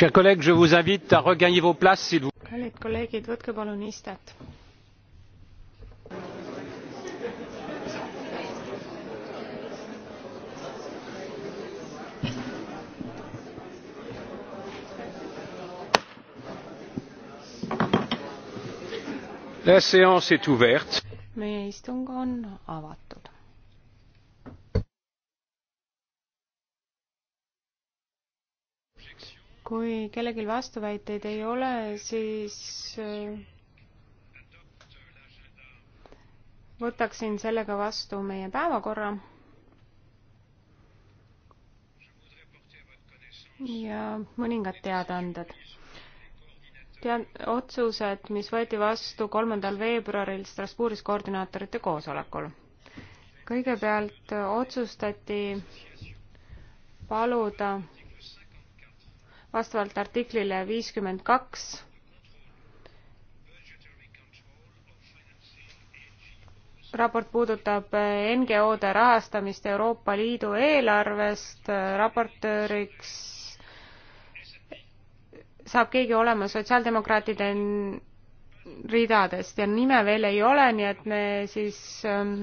Chers collègues, je vous invite à regagner vos places s'il vous plaît. Kallid kolleegid, võtke palun istet. La séance est ouverte. Meie istung on avatud. kui kellelgi vastuväiteid ei ole, siis äh, võtaksin sellega vastu meie päevakorra. ja mõningad teadaanded. tead, otsused, mis võeti vastu kolmandal veebruaril Strasbourgis koordinaatorite koosolekul. kõigepealt otsustati paluda vastavalt artiklile viiskümmend kaks raport puudutab NGO-de rahastamist Euroopa Liidu eelarvest, raportööriks saab keegi olema sotsiaaldemokraatide ridadest ja nime veel ei ole, nii et me siis ähm,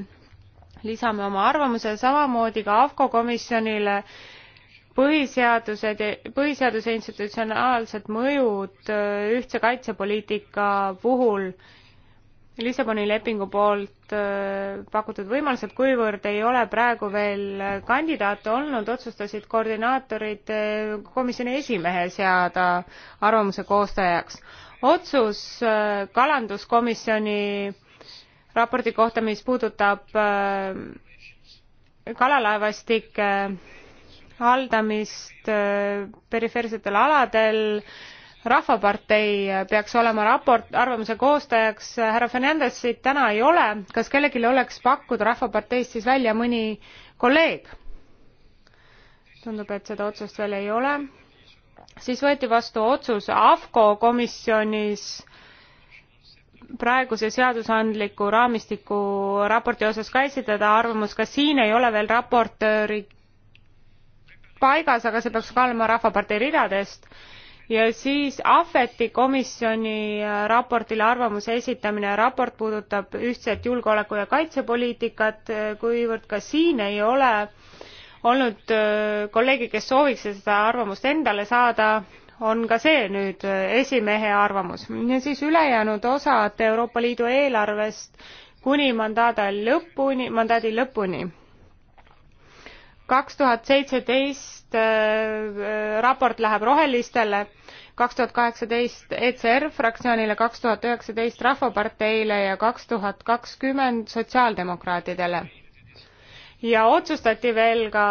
lisame oma arvamuse samamoodi ka AFCO komisjonile äh, põhiseadused, põhiseaduse institutsionaalsed mõjud äh, ühtse kaitsepoliitika puhul Lissaboni lepingu poolt äh, pakutud võimalused, kuivõrd ei ole praegu veel kandidaate olnud, otsustasid koordinaatorid äh, komisjoni esimehe seada arvamuse koostajaks. otsus kalanduskomisjoni raporti kohta, mis puudutab kalalaevastike haldamist äh, perifeersetel aladel. rahvapartei peaks olema raport, arvamuse koostajaks, härra Fernandesit täna ei ole, kas kellelgi oleks pakkuda Rahvaparteist siis välja mõni kolleeg? tundub, et seda otsust veel ei ole. siis võeti vastu otsus AFCO komisjonis praeguse seadusandliku raamistiku raporti osas ka esitada arvamus, kas siin ei ole veel raportööri paigas, aga see peaks ka olema Rahvapartei ridadest. ja siis Ahveti komisjoni äh, raportile arvamuse esitamine, raport puudutab ühtset julgeoleku- ja kaitsepoliitikat, äh, kuivõrd ka siin ei ole olnud äh, kolleegi, kes sooviks seda arvamust endale saada, on ka see nüüd esimehe arvamus. ja siis ülejäänud osad Euroopa Liidu eelarvest kuni mandaada lõpuni, mandaadi lõpuni kaks tuhat seitseteist äh, äh, raport läheb rohelistele, kaks tuhat kaheksateist ECR fraktsioonile, kaks tuhat üheksateist Rahvaparteile ja kaks tuhat kakskümmend sotsiaaldemokraatidele. ja otsustati veel ka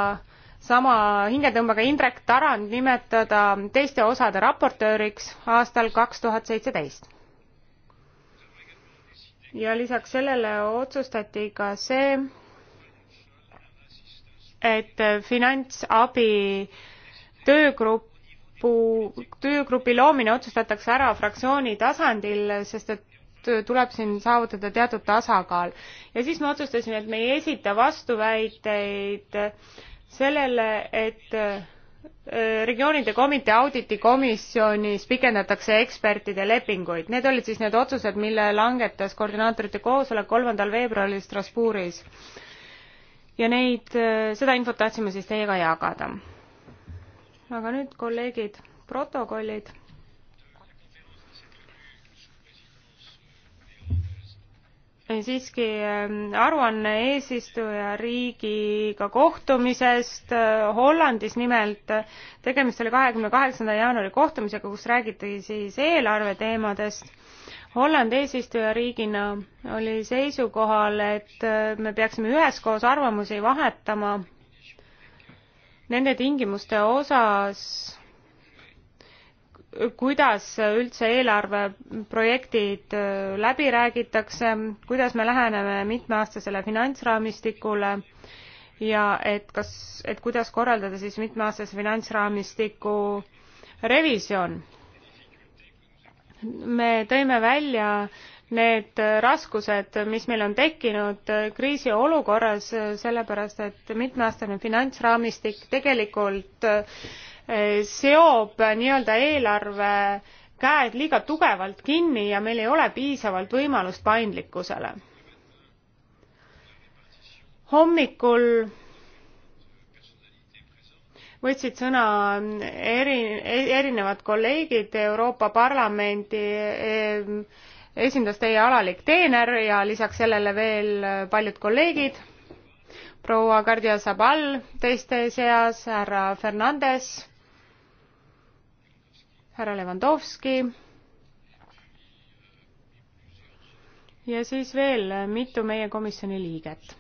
sama hingetõmbega Indrek Tarand nimetada teiste osade raportööriks aastal kaks tuhat seitseteist ja lisaks sellele otsustati ka see, et finantsabi töögrupu, töögrupi loomine otsustatakse ära fraktsiooni tasandil, sest et tuleb siin saavutada teatud tasakaal. ja siis me otsustasime, et me ei esita vastuväiteid sellele, et äh, regioonide komitee auditikomisjonis pikendatakse ekspertide lepinguid. Need olid siis need otsused, mille langetas koordinaatorite koosolek kolmandal veebruaril Strasbourgis ja neid, äh, seda infot tahtsime siis teiega jagada. aga nüüd, kolleegid, protokollid. siiski äh, aruanne eesistuja riigiga kohtumisest äh, Hollandis nimelt. tegemist oli kahekümne kaheksanda jaanuari kohtumisega, kus räägiti siis eelarve teemadest Holland eesistujariigina oli seisukohal, et me peaksime üheskoos arvamusi vahetama nende tingimuste osas, kuidas üldse eelarveprojektid äh, läbi räägitakse, kuidas me läheneme mitmeaastasele finantsraamistikule ja et kas, et kuidas korraldada siis mitmeaastase finantsraamistiku revisjon me tõime välja need raskused, mis meil on tekkinud kriisiolukorras, sellepärast et mitmeaastane finantsraamistik tegelikult eh, seob nii-öelda eelarve käed liiga tugevalt kinni ja meil ei ole piisavalt võimalust paindlikkusele. hommikul võtsid sõna eri, erinevad kolleegid Euroopa Parlamendi eh, esindas teie alalik teener ja lisaks sellele veel paljud kolleegid, proua Gardia Sabal teiste seas, härra Fernandes, härra Levandovski ja siis veel mitu meie komisjoni liiget.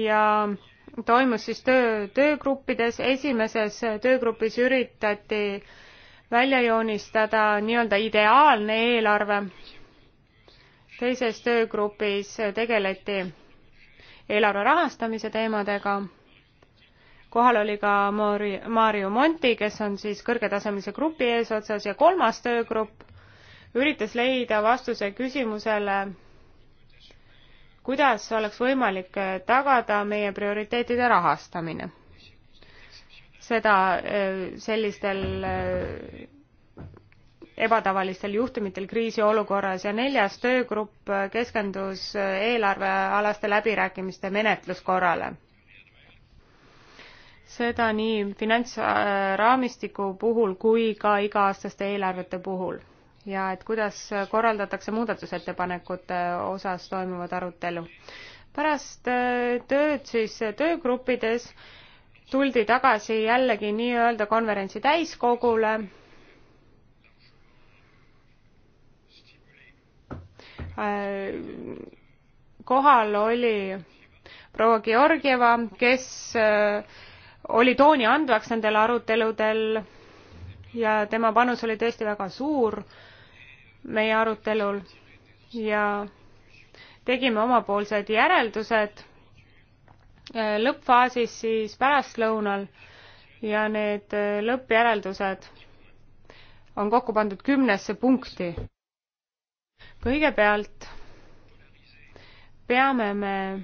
ja toimus siis töö töögruppides, esimeses töögrupis üritati välja joonistada nii-öelda ideaalne eelarve, teises töögrupis tegeleti eelarve rahastamise teemadega, kohal oli ka Mari-, Mario Monti, kes on siis kõrgetasemelise grupi eesotsas ja kolmas töögrupp üritas leida vastuse küsimusele, kuidas oleks võimalik äh, tagada meie prioriteetide rahastamine. seda äh, sellistel äh, ebatavalistel juhtumitel kriisiolukorras ja neljas töögrupp keskendus eelarvealaste läbirääkimiste menetluskorrale. seda nii finantsraamistiku puhul kui ka iga-aastaste eelarvete puhul ja et kuidas korraldatakse muudatusettepanekute osas toimuvat arutelu. pärast äh, tööd siis töögruppides tuldi tagasi jällegi nii-öelda konverentsi täiskogule, äh, kohal oli proua Georgieva, kes äh, oli tooni andvaks nendel aruteludel ja tema panus oli tõesti väga suur meie arutelul ja tegime omapoolsed järeldused eh, lõppfaasis siis pärastlõunal ja need eh, lõppjäreldused on kokku pandud kümnesse punkti. kõigepealt peame me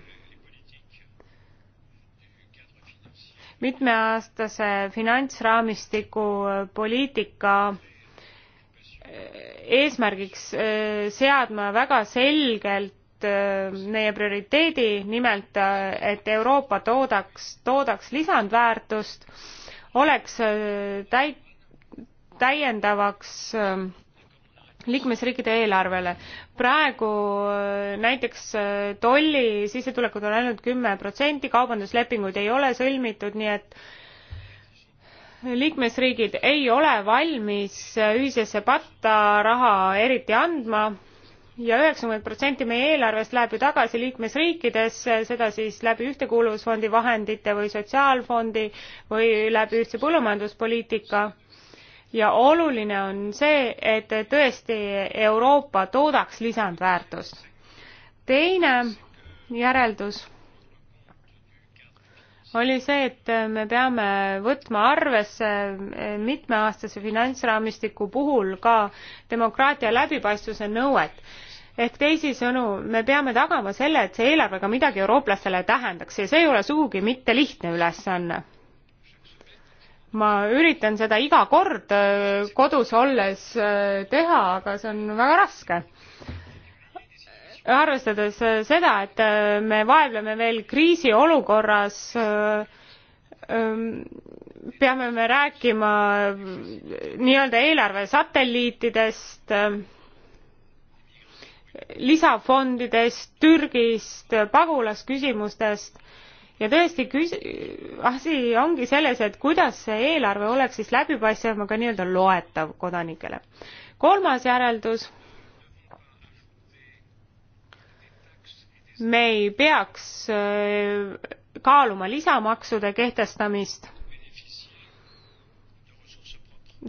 mitmeaastase finantsraamistiku poliitika eesmärgiks äh, seadma väga selgelt äh, meie prioriteedi, nimelt äh, et Euroopa toodaks, toodaks lisandväärtust, oleks täit-, täiendavaks liikmesriikide eelarvele. praegu näiteks tolli sissetulekud on ainult kümme protsenti, kaubanduslepinguid ei ole sõlmitud, nii et liikmesriigid ei ole valmis ühisesse patta raha eriti andma ja üheksakümmend protsenti meie eelarvest läheb ju tagasi liikmesriikidesse seda siis läbi ühtekuuluvusfondi vahendite või sotsiaalfondi või läbi ühtse põllumajanduspoliitika ja oluline on see et tõesti euroopa toodaks lisandväärtust teine järeldus oli see, et me peame võtma arvesse eh, mitmeaastase finantsraamistiku puhul ka demokraatia läbipaistvuse nõuet. ehk teisisõnu, me peame tagama selle, et see eelarve ka midagi eurooplastele tähendaks ja see ei ole sugugi mitte lihtne ülesanne ma üritan seda iga kord eh, kodus olles eh, teha, aga see on väga raske arvestades äh, seda, et äh, me vaevleme veel kriisiolukorras, äh, ähm, peame me rääkima nii-öelda eelarvesatelliitidest, lisafondidest, Türgist, pagulasküsimustest ja tõesti küs-, asi ongi selles, et kuidas see eelarve oleks siis läbipaistvam, aga nii-öelda loetav kodanikele. kolmas järeldus me ei peaks äh, kaaluma lisamaksude kehtestamist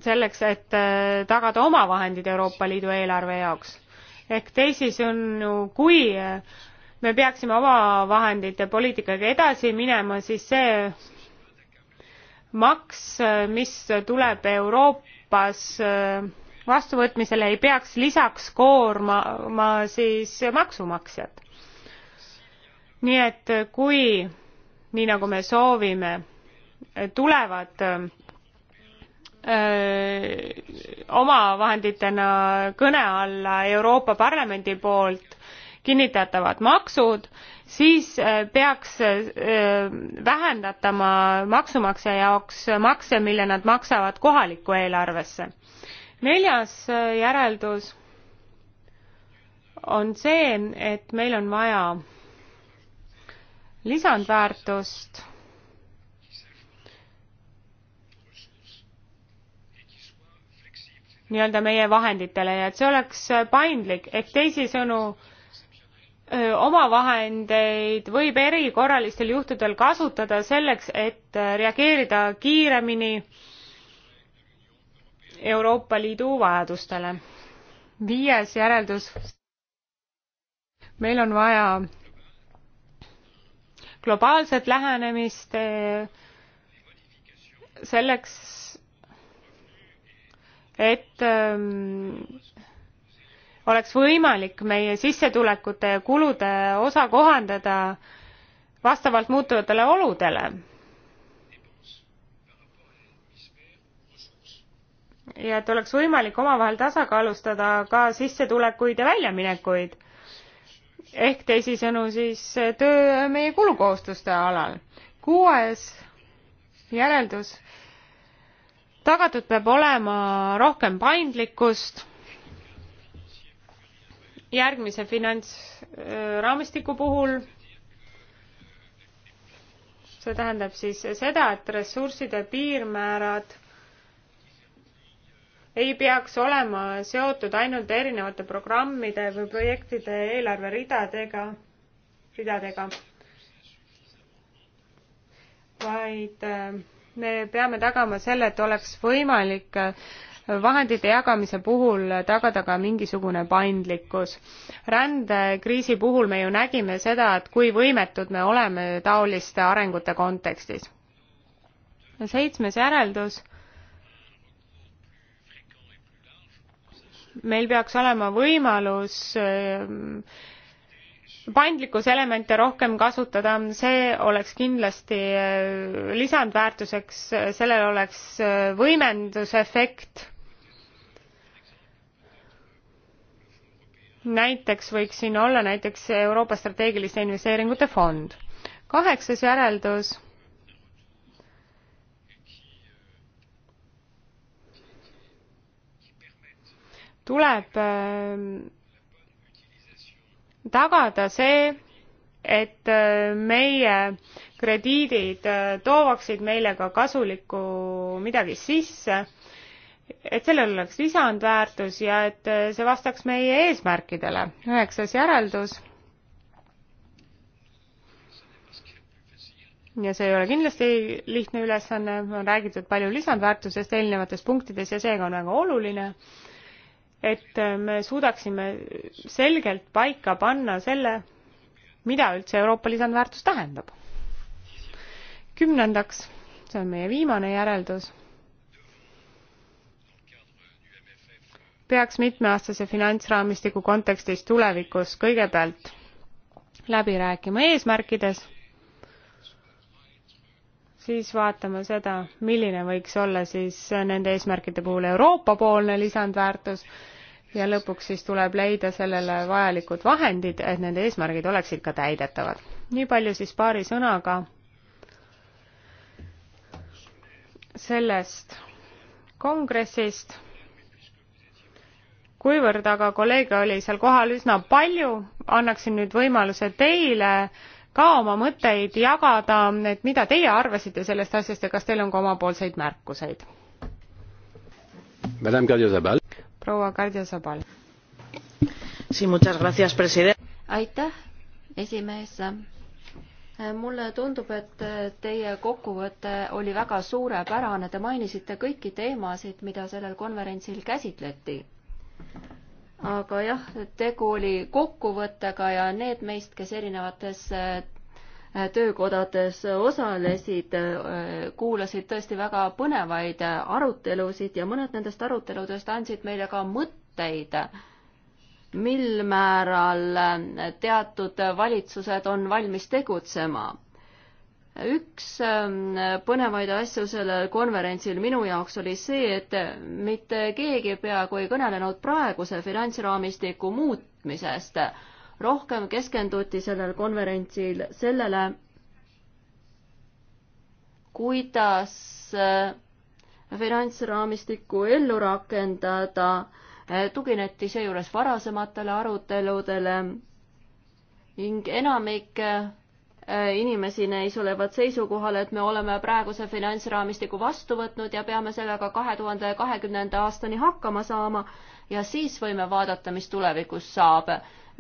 selleks, et äh, tagada omavahendid Euroopa Liidu eelarve jaoks. ehk teisisõnu, kui äh, me peaksime omavahendite poliitikaga edasi minema, siis see maks, mis tuleb Euroopas vastuvõtmisele, ei peaks lisaks koormama siis maksumaksjat nii et äh, kui, nii nagu me soovime, äh, tulevad äh, omavahenditena kõne alla Euroopa Parlamendi poolt kinnitatavad maksud, siis peaks vähendatama maksumaksja jaoks makse, mille nad maksavad kohalikku eelarvesse. neljas järeldus on see, et meil on vaja lisandväärtust nii-öelda meie vahenditele ja et see oleks paindlik, ehk teisisõnu, omavahendeid võib erikorralistel juhtudel kasutada selleks, et reageerida kiiremini Euroopa Liidu vajadustele. viies järeldus. meil on vaja globaalset lähenemist eh, selleks, et ehm, oleks võimalik meie sissetulekute ja kulude osa kohandada vastavalt muutuvatele oludele. ja et oleks võimalik omavahel tasakaalustada ka sissetulekuid ja väljaminekuid ehk teisisõnu siis töö meie kulukohustuste alal. kuues järeldus. tagatud peab olema rohkem paindlikkust järgmise finantsraamistiku puhul. see tähendab siis seda, et ressursside piirmäärad ei peaks olema seotud ainult erinevate programmide või projektide eelarveridadega, ridadega, vaid äh, me peame tagama selle, et oleks võimalik äh, vahendite jagamise puhul tagada ka mingisugune paindlikkus. rändekriisi puhul me ju nägime seda, et kui võimetud me oleme taoliste arengute kontekstis. seitsmes järeldus meil peaks olema võimalus ehm, paindlikkuselemente rohkem kasutada, see oleks kindlasti ehm, lisandväärtuseks, sellel oleks ehm, võimendusefekt. näiteks võiks siin olla näiteks Euroopa strateegiliste investeeringute fond. kaheksas järeldus tuleb ähm, tagada see, et äh, meie krediidid äh, toovaksid meile ka kasulikku midagi sisse, et sellel oleks lisandväärtus ja et äh, see vastaks meie eesmärkidele. üheksas järeldus. ja see ei ole kindlasti lihtne ülesanne, on räägitud palju lisandväärtusest eelnevates punktides ja seega on väga oluline äh, et äh, me suudaksime selgelt paika panna selle, mida üldse Euroopa lisandväärtus tähendab. kümnendaks, see on meie viimane järeldus, peaks mitmeaastase finantsraamistiku kontekstis tulevikus kõigepealt läbi rääkima eesmärkides siis vaatama seda, milline võiks olla siis nende eesmärkide puhul Euroopa-poolne lisandväärtus ja lõpuks siis tuleb leida sellele vajalikud vahendid, et need eesmärgid oleksid ka täidetavad. nii palju siis paari sõnaga sellest kongressist, kuivõrd aga kolleege oli seal kohal üsna palju, annaksin nüüd võimaluse teile ka oma mõtteid jagada, et mida teie arvasite sellest asjast ja kas teil on ka omapoolseid märkuseid? proua Kardia Sabal. aitäh, esimees mulle tundub, et teie kokkuvõte oli väga suurepärane, te mainisite kõiki teemasid, mida sellel konverentsil käsitleti aga jah, tegu oli kokkuvõttega ja need meist, kes erinevates äh, töökodades osalesid, äh, kuulasid tõesti väga põnevaid äh, arutelusid ja mõned nendest aruteludest andsid meile ka mõtteid, mil määral teatud valitsused on valmis tegutsema üks ähm, põnevaid asju sellel konverentsil minu jaoks oli see, et mitte keegi peaaegu ei kõnelenud praeguse finantsraamistiku muutmisest. rohkem keskenduti sellel konverentsil sellele, kuidas äh, finantsraamistikku ellu rakendada, äh, tugineti seejuures varasematele aruteludele ning enamik äh, Äh, inimesi neis olevat seisukohal, et me oleme praeguse finantsraamistiku vastu võtnud ja peame sellega kahe tuhande kahekümnenda aastani hakkama saama ja siis võime vaadata, mis tulevikus saab.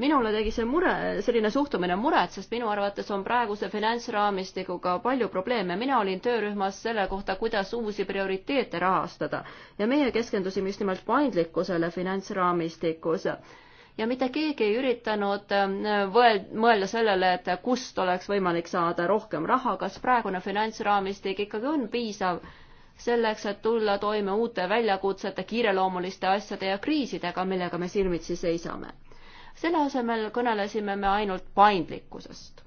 minule tegi see mure, selline suhtumine muret, sest minu arvates on praeguse finantsraamistikuga palju probleeme. mina olin töörühmas selle kohta, kuidas uusi prioriteete rahastada ja meie keskendusime just nimelt paindlikkusele finantsraamistikus ja mitte keegi ei üritanud ähm, võel-, mõelda sellele, et kust oleks võimalik saada rohkem raha, kas praegune finantsraamistik ikkagi on piisav selleks, et tulla toime uute väljakutsete, kiireloomuliste asjade ja kriisidega, millega me silmitsi seisame. selle asemel kõnelesime me ainult paindlikkusest.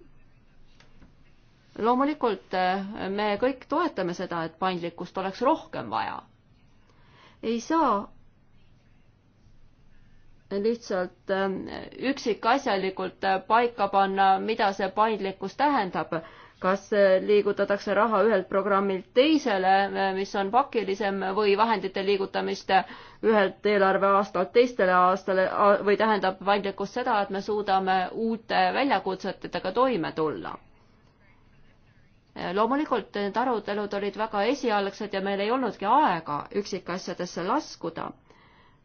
loomulikult äh, me kõik toetame seda, et paindlikkust oleks rohkem vaja. ei saa lihtsalt ähm, üksikasjalikult äh, paika panna, mida see paindlikkus tähendab. kas äh, liigutatakse raha ühelt programmilt teisele, äh, mis on pakilisem, või vahendite liigutamist ühelt eelarveaastalt teistele aastale või tähendab paindlikkus seda, et me suudame uute väljakutsetega toime tulla? loomulikult need arutelud olid väga esialgsed ja meil ei olnudki aega üksikasjadesse laskuda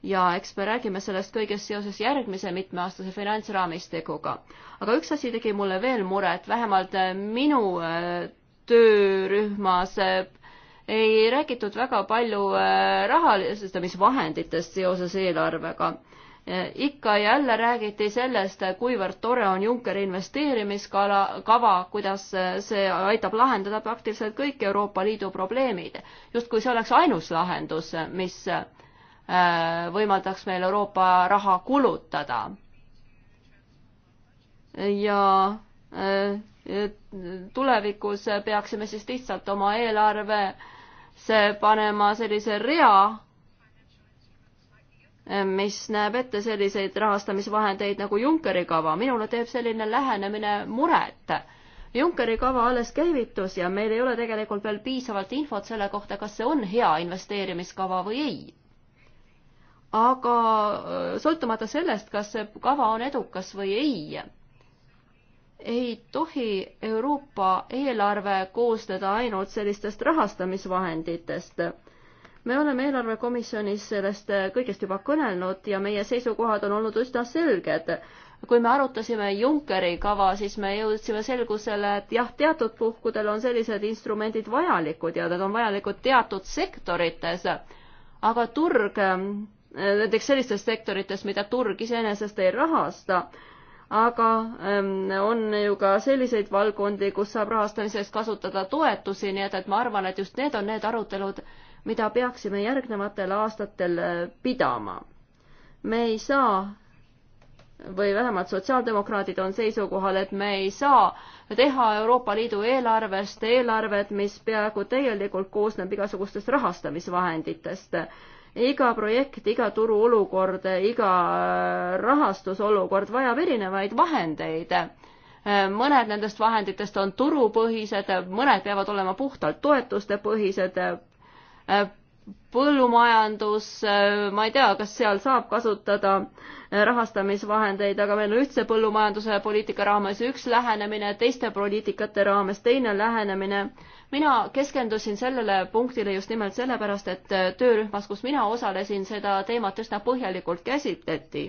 ja eks me räägime sellest kõigest seoses järgmise mitmeaastase finantsraamistikuga. aga üks asi tegi mulle veel muret, vähemalt äh, minu äh, töörühmas äh, ei räägitud väga palju rahalisestamisvahenditest seoses eelarvega. ikka ja jälle räägiti sellest, kuivõrd tore on Junckeri investeerimiskala, kava, kuidas see aitab lahendada praktiliselt kõik Euroopa Liidu probleemid. justkui see oleks ainus lahendus, mis Äh, võimaldaks meil Euroopa raha kulutada. ja äh, tulevikus peaksime siis lihtsalt oma eelarvesse panema sellise rea, mis näeb ette selliseid rahastamisvahendeid nagu Junckeri kava. minule teeb selline lähenemine muret. Junckeri kava alles käivitus ja meil ei ole tegelikult veel piisavalt infot selle kohta, kas see on hea investeerimiskava või ei aga äh, sõltumata sellest, kas see kava on edukas või ei, ei tohi Euroopa eelarve koosneda ainult sellistest rahastamisvahenditest. me oleme eelarvekomisjonis sellest äh, kõigest juba kõnelnud ja meie seisukohad on olnud üsna selged. kui me arutasime Junckeri kava, siis me jõudsime selgusele, et jah, teatud puhkudel on sellised instrumendid vajalikud ja need on vajalikud teatud sektorites, aga turg Äh, näiteks sellistes sektorites, mida turg iseenesest ei rahasta, aga ähm, on ju ka selliseid valdkondi, kus saab rahastamiseks kasutada toetusi, nii et, et ma arvan, et just need on need arutelud, mida peaksime järgnevatel aastatel äh, pidama. me ei saa või vähemalt sotsiaaldemokraadid on seisukohal, et me ei saa teha Euroopa Liidu eelarvest eelarvet, mis peaaegu täielikult koosneb igasugustest rahastamisvahenditest iga projekt, iga turuolukord, iga äh, rahastusolukord vajab erinevaid vahendeid. Äh, mõned nendest vahenditest on turupõhised, mõned peavad olema puhtalt toetuste põhised äh, põllumajandus, ma ei tea, kas seal saab kasutada rahastamisvahendeid, aga meil on ühtse põllumajanduse poliitika raames üks lähenemine, teiste poliitikate raames teine lähenemine. mina keskendusin sellele punktile just nimelt sellepärast, et töörühmas, kus mina osalesin, seda teemat üsna põhjalikult käsitleti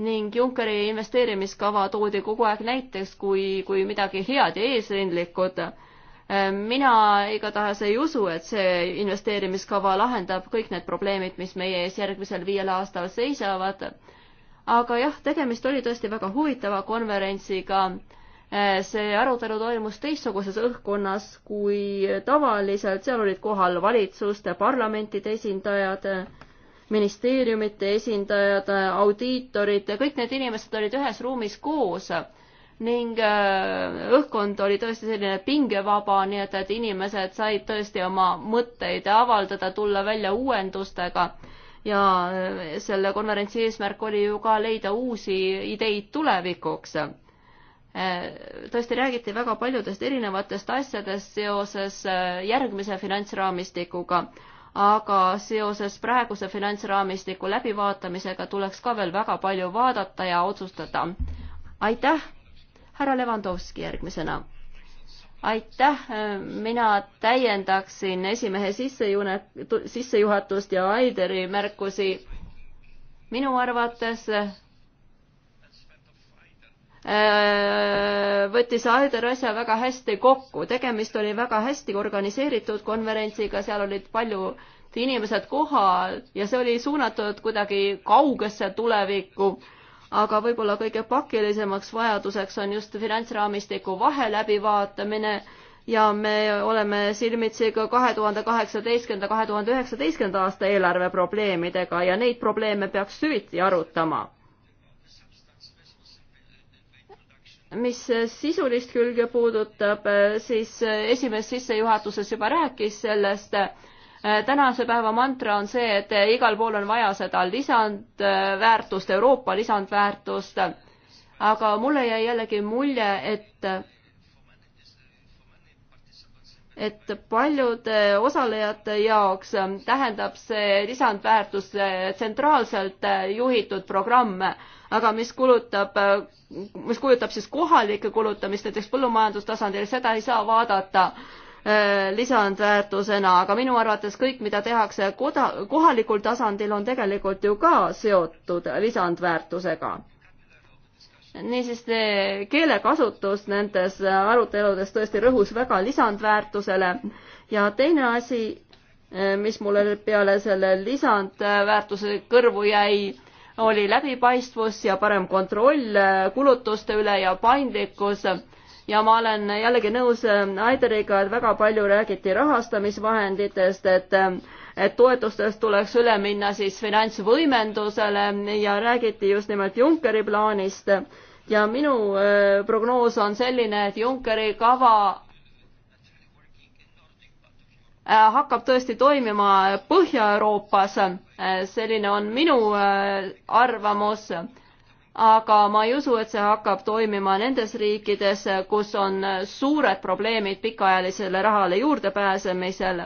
ning Junckeri investeerimiskava toodi kogu aeg näiteks kui, kui midagi head ja eesrindlikud Ehm, mina igatahes ei usu, et see investeerimiskava lahendab kõik need probleemid, mis meie ees järgmisel viiel aastal seisavad. aga jah, tegemist oli tõesti väga huvitava konverentsiga. Ehm, see arutelu toimus teistsuguses õhkkonnas kui tavaliselt, seal olid kohal valitsuste, parlamentide esindajad ministeeriumite esindajad, audiitorid, kõik need inimesed olid ühes ruumis koos ning äh, õhkkond oli tõesti selline pingevaba, nii et, et inimesed said tõesti oma mõtteid avaldada, tulla välja uuendustega ja äh, selle konverentsi eesmärk oli ju ka leida uusi ideid tulevikuks. Äh, tõesti räägiti väga paljudest erinevatest asjadest seoses järgmise finantsraamistikuga, aga seoses praeguse finantsraamistiku läbivaatamisega tuleks ka veel väga palju vaadata ja otsustada. aitäh! härra Levandovski järgmisena. aitäh, mina täiendaksin esimehe sissejune-, sissejuhatust ja Aideri märkusi. minu arvates äh, võttis Aider asja väga hästi kokku, tegemist oli väga hästi organiseeritud konverentsiga, seal olid paljud inimesed kohal ja see oli suunatud kuidagi kaugesse tulevikku aga võib-olla kõige pakilisemaks vajaduseks on just finantsraamistiku vahe läbivaatamine ja me oleme silmitsi ka kahe tuhande kaheksateistkümnenda, kahe tuhande üheksateistkümnenda aasta eelarve probleemidega ja neid probleeme peaks süviti arutama. mis sisulist külge puudutab, siis esimeses sissejuhatuses juba rääkis sellest, Äh, tänase päeva mantra on see, et äh, igal pool on vaja seda lisandväärtust, äh, Euroopa lisandväärtust, aga mulle jäi jällegi mulje, et et paljude osalejate jaoks tähendab see lisandväärtus tsentraalselt juhitud programm, aga mis kulutab, mis kujutab siis kohalikke kulutamist näiteks põllumajandustasandil, seda ei saa vaadata äh, Äh, lisandväärtusena, aga minu arvates kõik, mida tehakse koda, kohalikul tasandil, on tegelikult ju ka seotud lisandväärtusega niisiis keelekasutus nendes aruteludes tõesti rõhus väga lisandväärtusele ja teine asi, äh, mis mulle peale selle lisandväärtuse kõrvu jäi, oli läbipaistvus ja parem kontroll äh, kulutuste üle ja paindlikkus ja ma olen jällegi nõus äh, Aideriga, et väga palju räägiti rahastamisvahenditest, et äh, et toetustest tuleks üle minna siis finantsvõimendusele ja räägiti just nimelt Junckeri plaanist. ja minu äh, prognoos on selline, et Junckeri kava hakkab tõesti toimima Põhja-Euroopas. selline on minu arvamus aga ma ei usu, et see hakkab toimima nendes riikides, kus on suured probleemid pikaajalisele rahale juurdepääsemisel.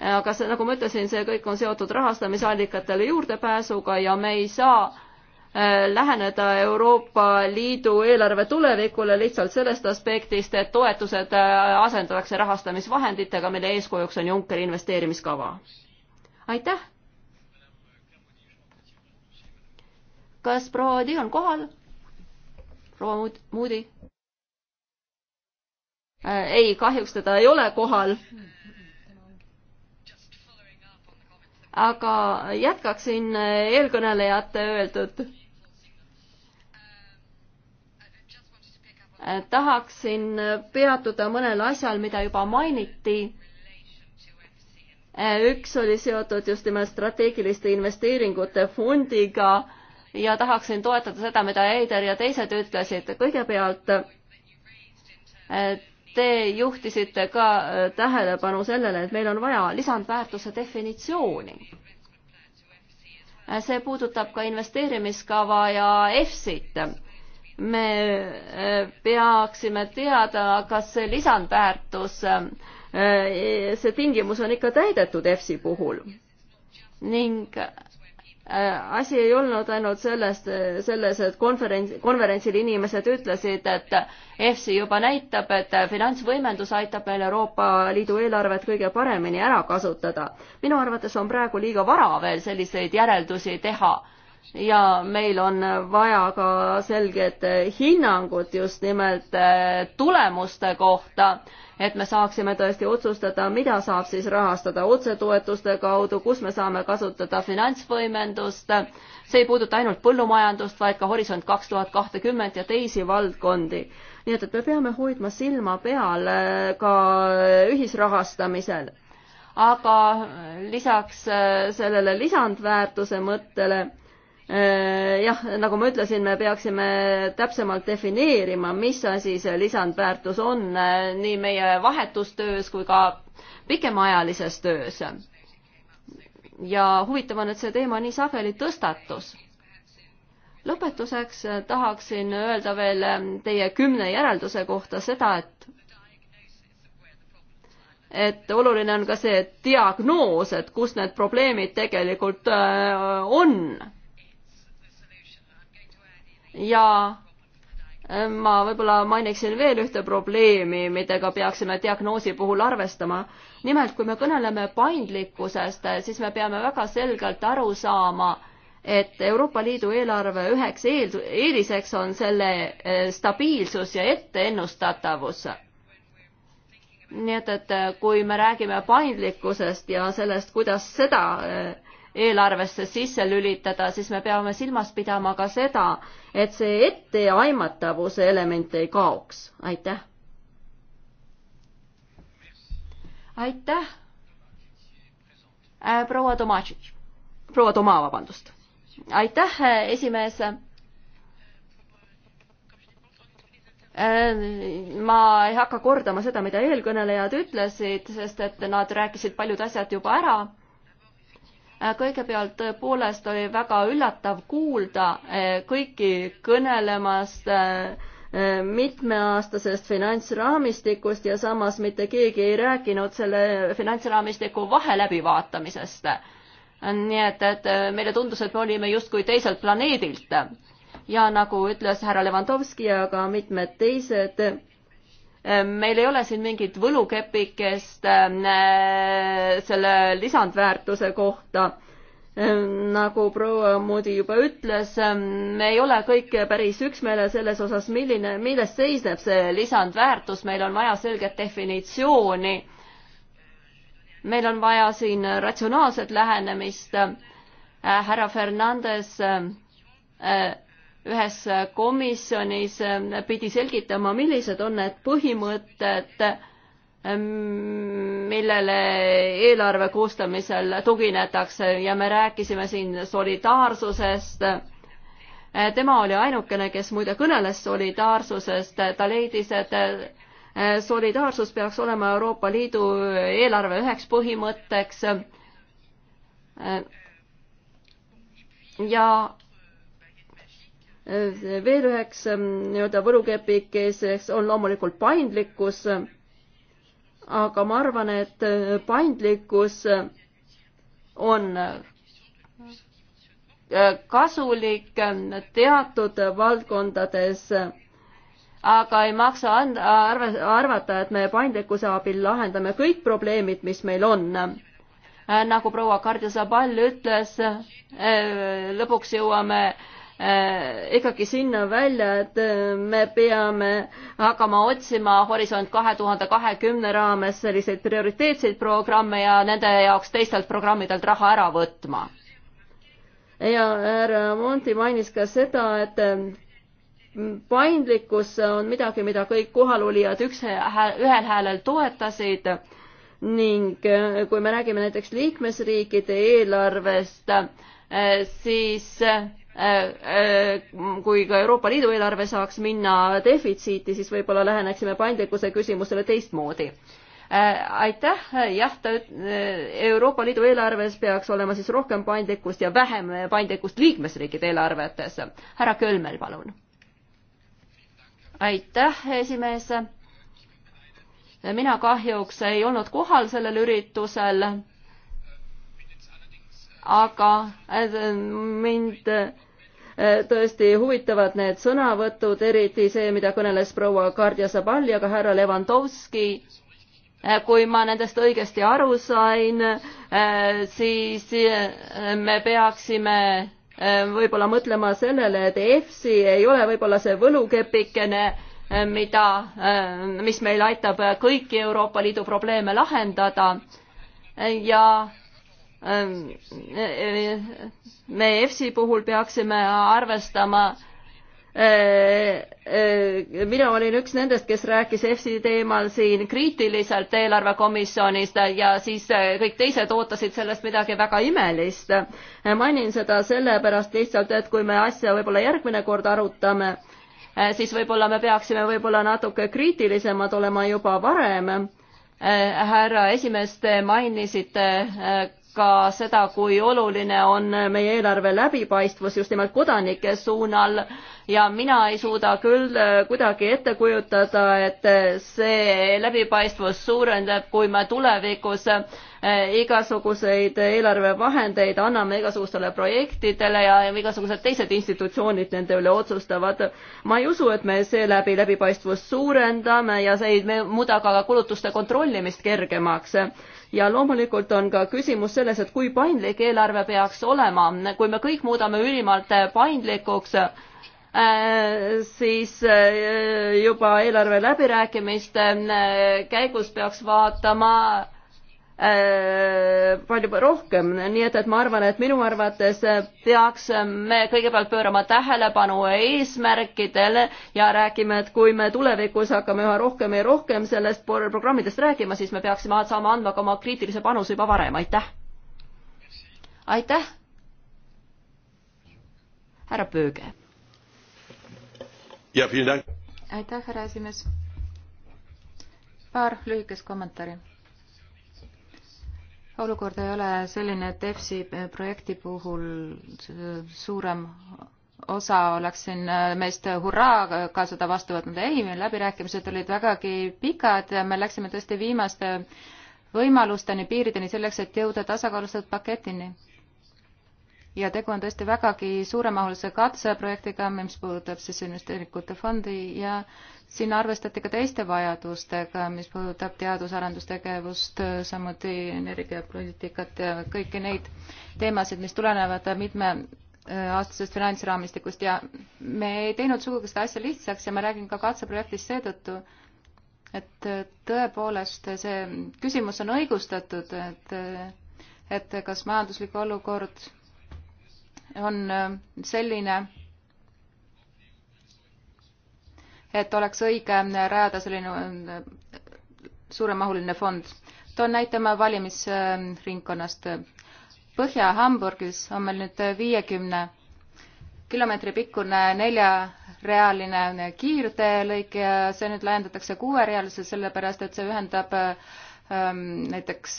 aga see, nagu ma ütlesin, see kõik on seotud rahastamisallikatele juurdepääsuga ja me ei saa äh, läheneda Euroopa Liidu eelarve tulevikule lihtsalt sellest aspektist, et toetused äh, asendatakse rahastamisvahenditega, mille eeskujuks on Junckeri investeerimiskava. aitäh! kas proua Odi on kohal? proua Moody? Äh, ei, kahjuks teda ei ole kohal. aga jätkaksin eelkõnelejate öeldud. Äh, tahaksin peatuda mõnel asjal, mida juba mainiti äh, üks oli seotud just nimelt strateegiliste investeeringute fondiga ja tahaksin toetada seda, mida Eider ja teised ütlesid. kõigepealt eh, te juhtisite ka eh, tähelepanu sellele, et meil on vaja lisandväärtuse definitsiooni. Eh, see puudutab ka investeerimiskava ja EFSit. me peaksime teada, kas see lisandväärtus, see tingimus on ikka täidetud EFSi puhul ning Äh, asi ei olnud ainult sellest, selles, et konverents, konverentsil inimesed ütlesid, et EFSI juba näitab, et finantsvõimendus aitab meil Euroopa Liidu eelarvet kõige paremini ära kasutada. minu arvates on praegu liiga vara veel selliseid järeldusi teha ja meil on vaja ka selget hinnangut just nimelt äh, tulemuste kohta et me saaksime tõesti otsustada, mida saab siis rahastada otsetoetuste kaudu, kus me saame kasutada finantsvõimendust. see ei puuduta ainult põllumajandust, vaid ka Horisont kaks tuhat kahtekümmet ja teisi valdkondi. nii et, et me peame hoidma silma peal äh, ka ühisrahastamisel. aga äh, lisaks äh, sellele lisandväärtuse mõttele Äh, jah, nagu ma ütlesin, me peaksime täpsemalt defineerima, mis asi see lisandväärtus on äh, nii meie vahetustöös kui ka pikemaajalises töös. ja huvitav on, et see teema nii sageli tõstatus. lõpetuseks äh, tahaksin öelda veel teie kümne järelduse kohta seda, et et oluline on ka see diagnoos, et kus need probleemid tegelikult on ja äh, ma võib-olla mainiksin veel ühte probleemi, millega peaksime diagnoosi puhul arvestama. nimelt, kui me kõneleme paindlikkusest, siis me peame väga selgelt aru saama, et Euroopa Liidu eelarve üheks eel, eeliseks on selle äh, stabiilsus ja etteennustatavus. nii et, et äh, kui me räägime paindlikkusest ja sellest, kuidas seda eelarvesse sisse lülitada, siis me peame silmas pidama ka seda, et see etteaimatavuse element ei kaoks. aitäh. aitäh. Äh, proua Tomatšitš, proua Toma, vabandust. aitäh, äh, esimees äh, ma ei hakka kordama seda, mida eelkõnelejad ütlesid, sest et nad rääkisid paljud asjad juba ära Äh, kõigepealt tõepoolest oli väga üllatav kuulda äh, kõiki kõnelemast äh, mitmeaastasest finantsraamistikust ja samas mitte keegi ei rääkinud selle finantsraamistiku vahe läbivaatamisest. nii et, et meile tundus, et me olime justkui teiselt planeedilt ja nagu ütles härra Levanovski ja ka mitmed teised, Ehm, meil ei ole siin mingit võlukepikest ehm, äh, selle lisandväärtuse kohta. Ehm, nagu proua Moodi juba ütles, me ei ole kõik päris üksmeelel selles osas, milline, milles seisneb see lisandväärtus, meil on vaja selget definitsiooni. meil on vaja siin ratsionaalset lähenemist. Äh, härra Fernandes äh, ühes komisjonis eh, pidi selgitama, millised on need põhimõtted, ehm, millele eelarve koostamisel tuginetakse ja me rääkisime siin solidaarsusest. Eh, tema oli ainukene, kes muide kõneles solidaarsusest, ta leidis, et eh, solidaarsus peaks olema Euroopa Liidu eelarve üheks põhimõtteks. ja veel üheks mm, nii-öelda võrukepikeseks on loomulikult paindlikkus, aga ma arvan, et äh, paindlikkus äh, on äh, kasulik teatud valdkondades, aga ei maksa arva, arvata, et me paindlikkuse abil lahendame kõik probleemid, mis meil on nagu proua Kardja Sabal ütles, lõpuks jõuame Äh, ikkagi sinna välja, et äh, me peame hakkama otsima Horisont kahe tuhande kahekümne raames selliseid prioriteetseid programme ja nende jaoks teistelt programmidelt raha ära võtma. ja härra Monti mainis ka seda, et äh, paindlikkus on midagi, mida kõik kohalolijad üks hääl, ühel häälel toetasid ning kui me räägime näiteks liikmesriikide eelarvest, siis Äh, äh, kui ka Euroopa Liidu eelarve saaks minna defitsiiti, siis võib-olla läheneksime paindlikkuse küsimusele teistmoodi. Äh, aitäh, jah, ta, Euroopa Liidu eelarves peaks olema siis rohkem paindlikkust ja vähem paindlikkust liikmesriikide eelarvetes. härra Kölmel, palun. aitäh, esimees. mina kahjuks ei olnud kohal sellel üritusel aga äh, mind äh, tõesti huvitavad need sõnavõtud, eriti see, mida kõneles proua Kardia Zabali, aga härra Levanovski, äh, kui ma nendest õigesti aru sain, siis me peaksime võib-olla mõtlema sellele, et EFSI ei ole võib-olla see võlukepikene, mida, mis meil aitab kõiki Euroopa Liidu probleeme lahendada ja Ähm, me EFSi puhul peaksime arvestama äh, äh, mina olin üks nendest, kes rääkis EFSi teemal siin kriitiliselt eelarvekomisjonist ja siis äh, kõik teised ootasid sellest midagi väga imelist. mainin seda sellepärast lihtsalt, et kui me asja võib-olla järgmine kord arutame, siis võib-olla me peaksime võib-olla natuke kriitilisemad olema juba varem härra esimees, te mainisite ka seda, kui oluline on meie eelarve läbipaistvus just nimelt kodanike suunal ja mina ei suuda küll kuidagi ette kujutada, et see läbipaistvus suureneb, kui me tulevikus eh, igasuguseid eelarvevahendeid anname igasugustele projektidele ja igasugused teised institutsioonid nende üle otsustavad. ma ei usu, et me seeläbi läbipaistvust suurendame ja see ei muuda ka kulutuste kontrollimist kergemaks ja loomulikult on ka küsimus selles, et kui paindlik eelarve peaks olema, kui me kõik muudame ülimalt paindlikuks, äh, siis äh, juba eelarve läbirääkimiste äh, käigus peaks vaatama Äh, palju rohkem, nii et, et ma arvan, et minu arvates peaks me kõigepealt pöörama tähelepanu eesmärkidele ja räägime, et kui me tulevikus hakkame üha rohkem ja rohkem sellest programmidest rääkima, siis me peaksime saama andma ka oma kriitilise panuse juba varem, aitäh. aitäh. härra Pööge. aitäh, härra esimees. paar lühikest kommentaari olukord ei ole selline, et EFSI projekti puhul suurem osa oleks siin meist hurraaga seda vastu võtnud. ei, meil läbirääkimised olid vägagi pikad ja me läksime tõesti viimaste võimalusteni, piirideni selleks, et jõuda tasakaalustatud paketini ja tegu on tõesti vägagi suuremahulise katseprojektiga, mis puudutab siis investeeringute fondi ja siin arvestati ka teiste vajadustega, mis puudutab teadus-arendustegevust, samuti energiapoliitikat ja kõiki neid teemasid, mis tulenevad mitme äh, aastasest finantsraamistikust ja me ei teinud sugugi seda asja lihtsaks ja ma räägin ka katseprojektist seetõttu, et äh, tõepoolest see küsimus on õigustatud, et äh, et kas majanduslik olukord on äh, selline, et oleks õige äh, rajada selline äh, suuremahuline fond. toon näite oma valimisringkonnast. Põhja-Hamburgis on meil nüüd viiekümne kilomeetri pikkune neljarealine kiirteelõik ja see nüüd laiendatakse kuuerealise, sellepärast et see ühendab ähm, näiteks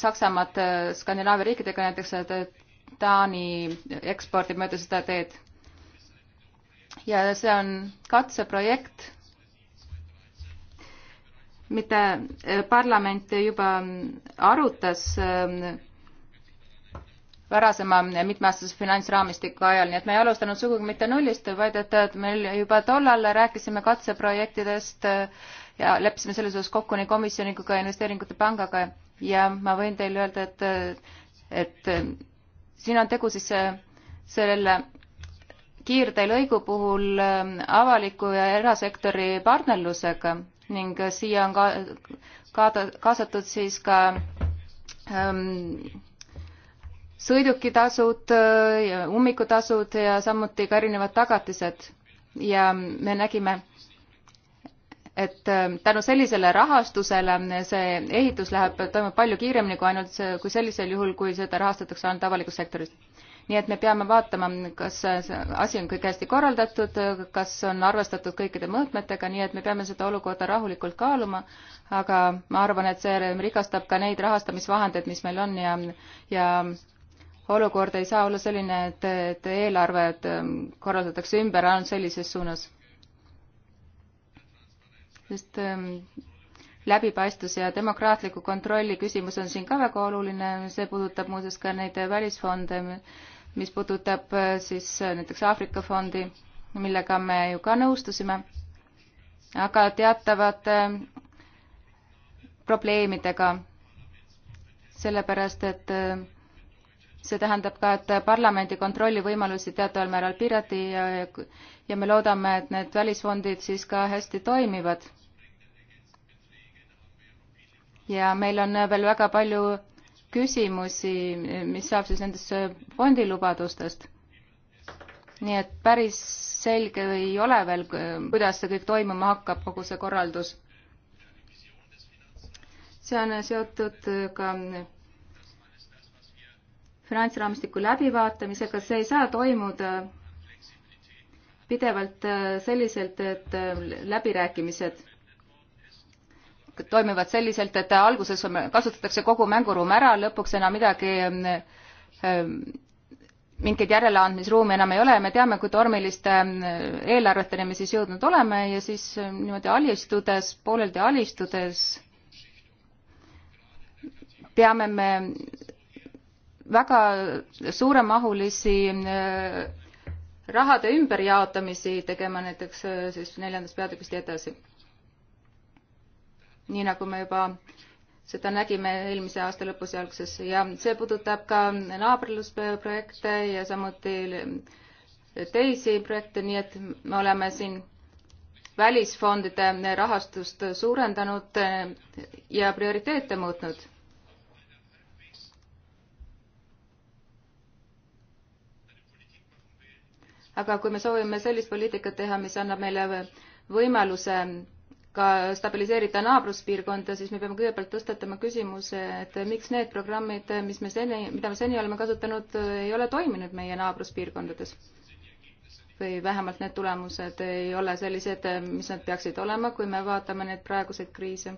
Saksamaad Skandinaavia riikidega, näiteks Taani ekspordib mööda seda teed. ja see on katseprojekt, mida parlament juba arutas ähm, varasema mitmeaastase finantsraamistiku ajal, nii et me ei alustanud sugugi mitte nullist, vaid et, et meil juba tollal rääkisime katseprojektidest äh, ja leppisime selles osas kokku nii komisjoniga kui ka investeeringute pangaga ja ma võin teile öelda, et, et siin on tegu siis äh, selle kiirteelõigu puhul äh, avaliku ja erasektori partnerlusega ning äh, siia on ka, ka kaasatud siis ka ähm, sõidukitasud ja ummikutasud ja samuti ka erinevad tagatised ja me nägime, et äh, tänu sellisele rahastusele see ehitus läheb, toimub palju kiiremini kui ainult see, kui sellisel juhul, kui seda rahastatakse ainult avalikust sektorist. nii et me peame vaatama, kas asi on kõik hästi korraldatud, kas on arvestatud kõikide mõõtmetega, nii et me peame seda olukorda rahulikult kaaluma, aga ma arvan, et see rikastab ka neid rahastamisvahendeid, mis meil on ja, ja olukord ei saa olla selline, et, et eelarved ähm, korraldatakse ümber ainult sellises suunas sest ähm, läbipaistvus ja demokraatliku kontrolli küsimus on siin ka väga oluline, see puudutab muuseas ka neid välisfonde, mis puudutab äh, siis äh, näiteks Aafrika fondi, millega me ju ka nõustusime, aga teatavate äh, probleemidega, sellepärast et see tähendab ka, et parlamendi kontrollivõimalusi teataval määral piirati ja, ja me loodame, et need välisfondid siis ka hästi toimivad ja meil on veel väga palju küsimusi, mis saab siis nendest fondilubadustest. nii et päris selge ei ole veel, kuidas see kõik toimuma hakkab, kogu see korraldus. see on seotud ka finantsraamistiku läbivaatamisega, see ei saa toimuda pidevalt selliselt, et läbirääkimised toimivad selliselt, et alguses kasutatakse kogu mänguruum ära, lõpuks enam midagi, ähm, ähm, mingeid järeleandmisruumi enam ei ole ja me teame, kui tormiliste ähm, eelarveteni me siis jõudnud oleme ja siis niimoodi alistudes, pooleldi alistudes peame me väga suuremahulisi äh, rahade ümberjaotamisi tegema näiteks äh, siis neljandast peatükist ja edasi nii nagu me juba seda nägime eelmise aasta lõpus ja alguses ja see puudutab ka naabrilusprojekte ja samuti teisi projekte, nii et me oleme siin välisfondide rahastust suurendanud ja prioriteete muutnud aga kui me soovime sellist poliitikat teha, mis annab meile võimaluse ka stabiliseerida naabruspiirkonda, siis me peame kõigepealt tõstatama küsimuse, et miks need programmid, mis me seni, mida me seni oleme kasutanud, ei ole toiminud meie naabruspiirkondades. või vähemalt need tulemused ei ole sellised, mis nad peaksid olema, kui me vaatame neid praeguseid kriise.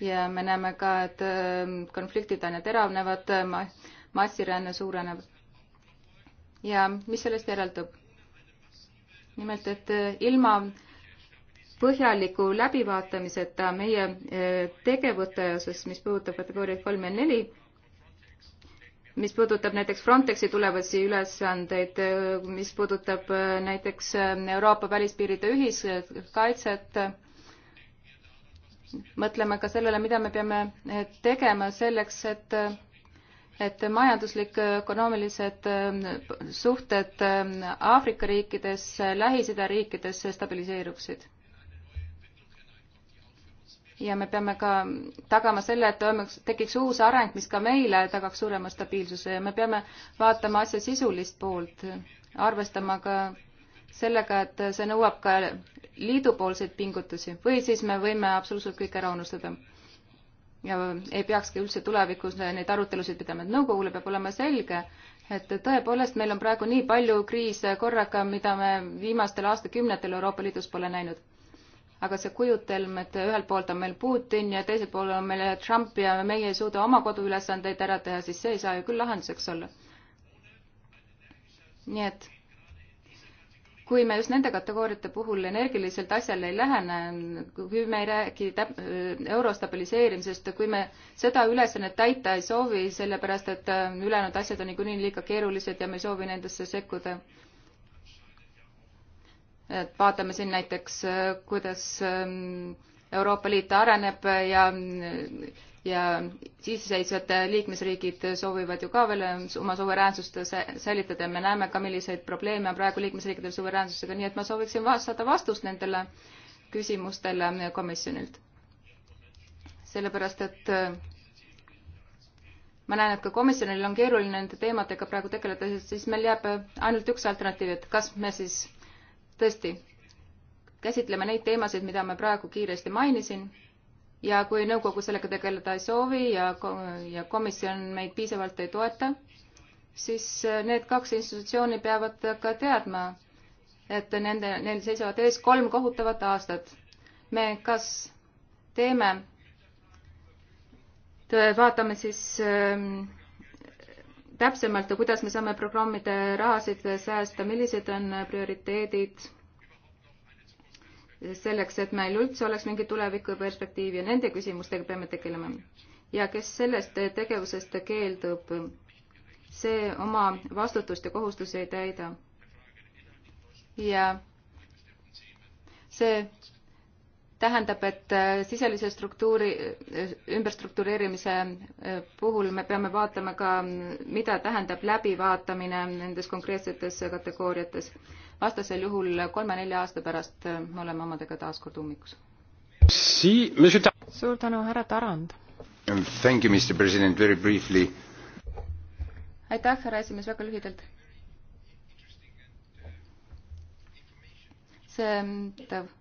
ja me näeme ka, et ähm, konfliktid aina teravnevad, massiränne suureneb. ja mis sellest järeldub? nimelt, et äh, ilma põhjaliku läbivaatamiseta meie eh, tegevuse osas, mis puudutab kategooriaid kolm ja neli, mis puudutab näiteks Frontexi tulevasi ülesandeid, eh, mis puudutab eh, näiteks Euroopa välispiiride ühiskaitset, mõtleme ka sellele, mida me peame tegema selleks, et et majanduslik, ökonoomilised suhted Aafrika riikides, Lähis-Ida riikides stabiliseeruksid ja me peame ka tagama selle, et toimuks, tekiks uus areng, mis ka meile tagaks suurema stabiilsuse ja me peame vaatama asja sisulist poolt, arvestama ka sellega, et see nõuab ka liidupoolseid pingutusi või siis me võime absoluutselt kõik ära unustada. ja ei peakski üldse tulevikus neid arutelusid pidama, et nõukogule peab olema selge, et tõepoolest, meil on praegu nii palju kriise korraga, mida me viimastel aastakümnetel Euroopa Liidus pole näinud aga see kujutelm, et ühelt poolt on meil Putin ja teiselt pool on meil Trump ja meie ei suuda oma koduülesandeid ära teha, siis see ei saa ju küll lahenduseks olla. nii et kui me just nende kategooriate puhul energiliselt asjale ei lähene, kui me ei räägi täp-, euro stabiliseerimisest, kui me seda ülesannet täita ei soovi, sellepärast et äh, ülejäänud asjad on niikuinii liiga keerulised ja me ei soovi nendesse sekkuda, et vaatame siin näiteks, äh, kuidas ähm, Euroopa Liit areneb ja, ja siseseisvad liikmesriigid soovivad ju ka veel äh, oma suveräänsust säilitada ja me näeme ka, milliseid probleeme on praegu liikmesriikidel suveräänsusega, nii et ma sooviksin saada vastust nendele küsimustele komisjonilt. sellepärast, et äh, ma näen, et ka komisjonil on keeruline nende teemadega praegu tegeleda, siis meil jääb ainult üks alternatiiv, et kas me siis äh, tõesti, käsitleme neid teemasid, mida ma praegu kiiresti mainisin ja kui nõukogu sellega tegeleda ei soovi ja, ja komisjon meid piisavalt ei toeta, siis äh, need kaks institutsiooni peavad ka teadma, et nende, neil seisavad ees kolm kohutavat aastat. me kas teeme, vaatame siis äh, täpsemalt, kuidas me saame programmide rahasid säästa, millised on prioriteedid selleks, et meil üldse oleks mingi tulevikuperspektiiv ja nende küsimustega peame tegelema. ja kes sellest tegevusest keeldub, see oma vastutust ja kohustusi ei täida. ja see tähendab, et äh, siselise struktuuri, äh, ümberstruktureerimise äh, puhul me peame vaatama ka, mida tähendab läbivaatamine nendes konkreetsetes kategooriates. vastasel juhul kolme-nelja aasta pärast me oleme omadega taas kord ummikus. suur tänu, härra Tarand. Um, thank you, Mr President, very briefly. aitäh, härra esimees, väga lühidalt. see, tähendab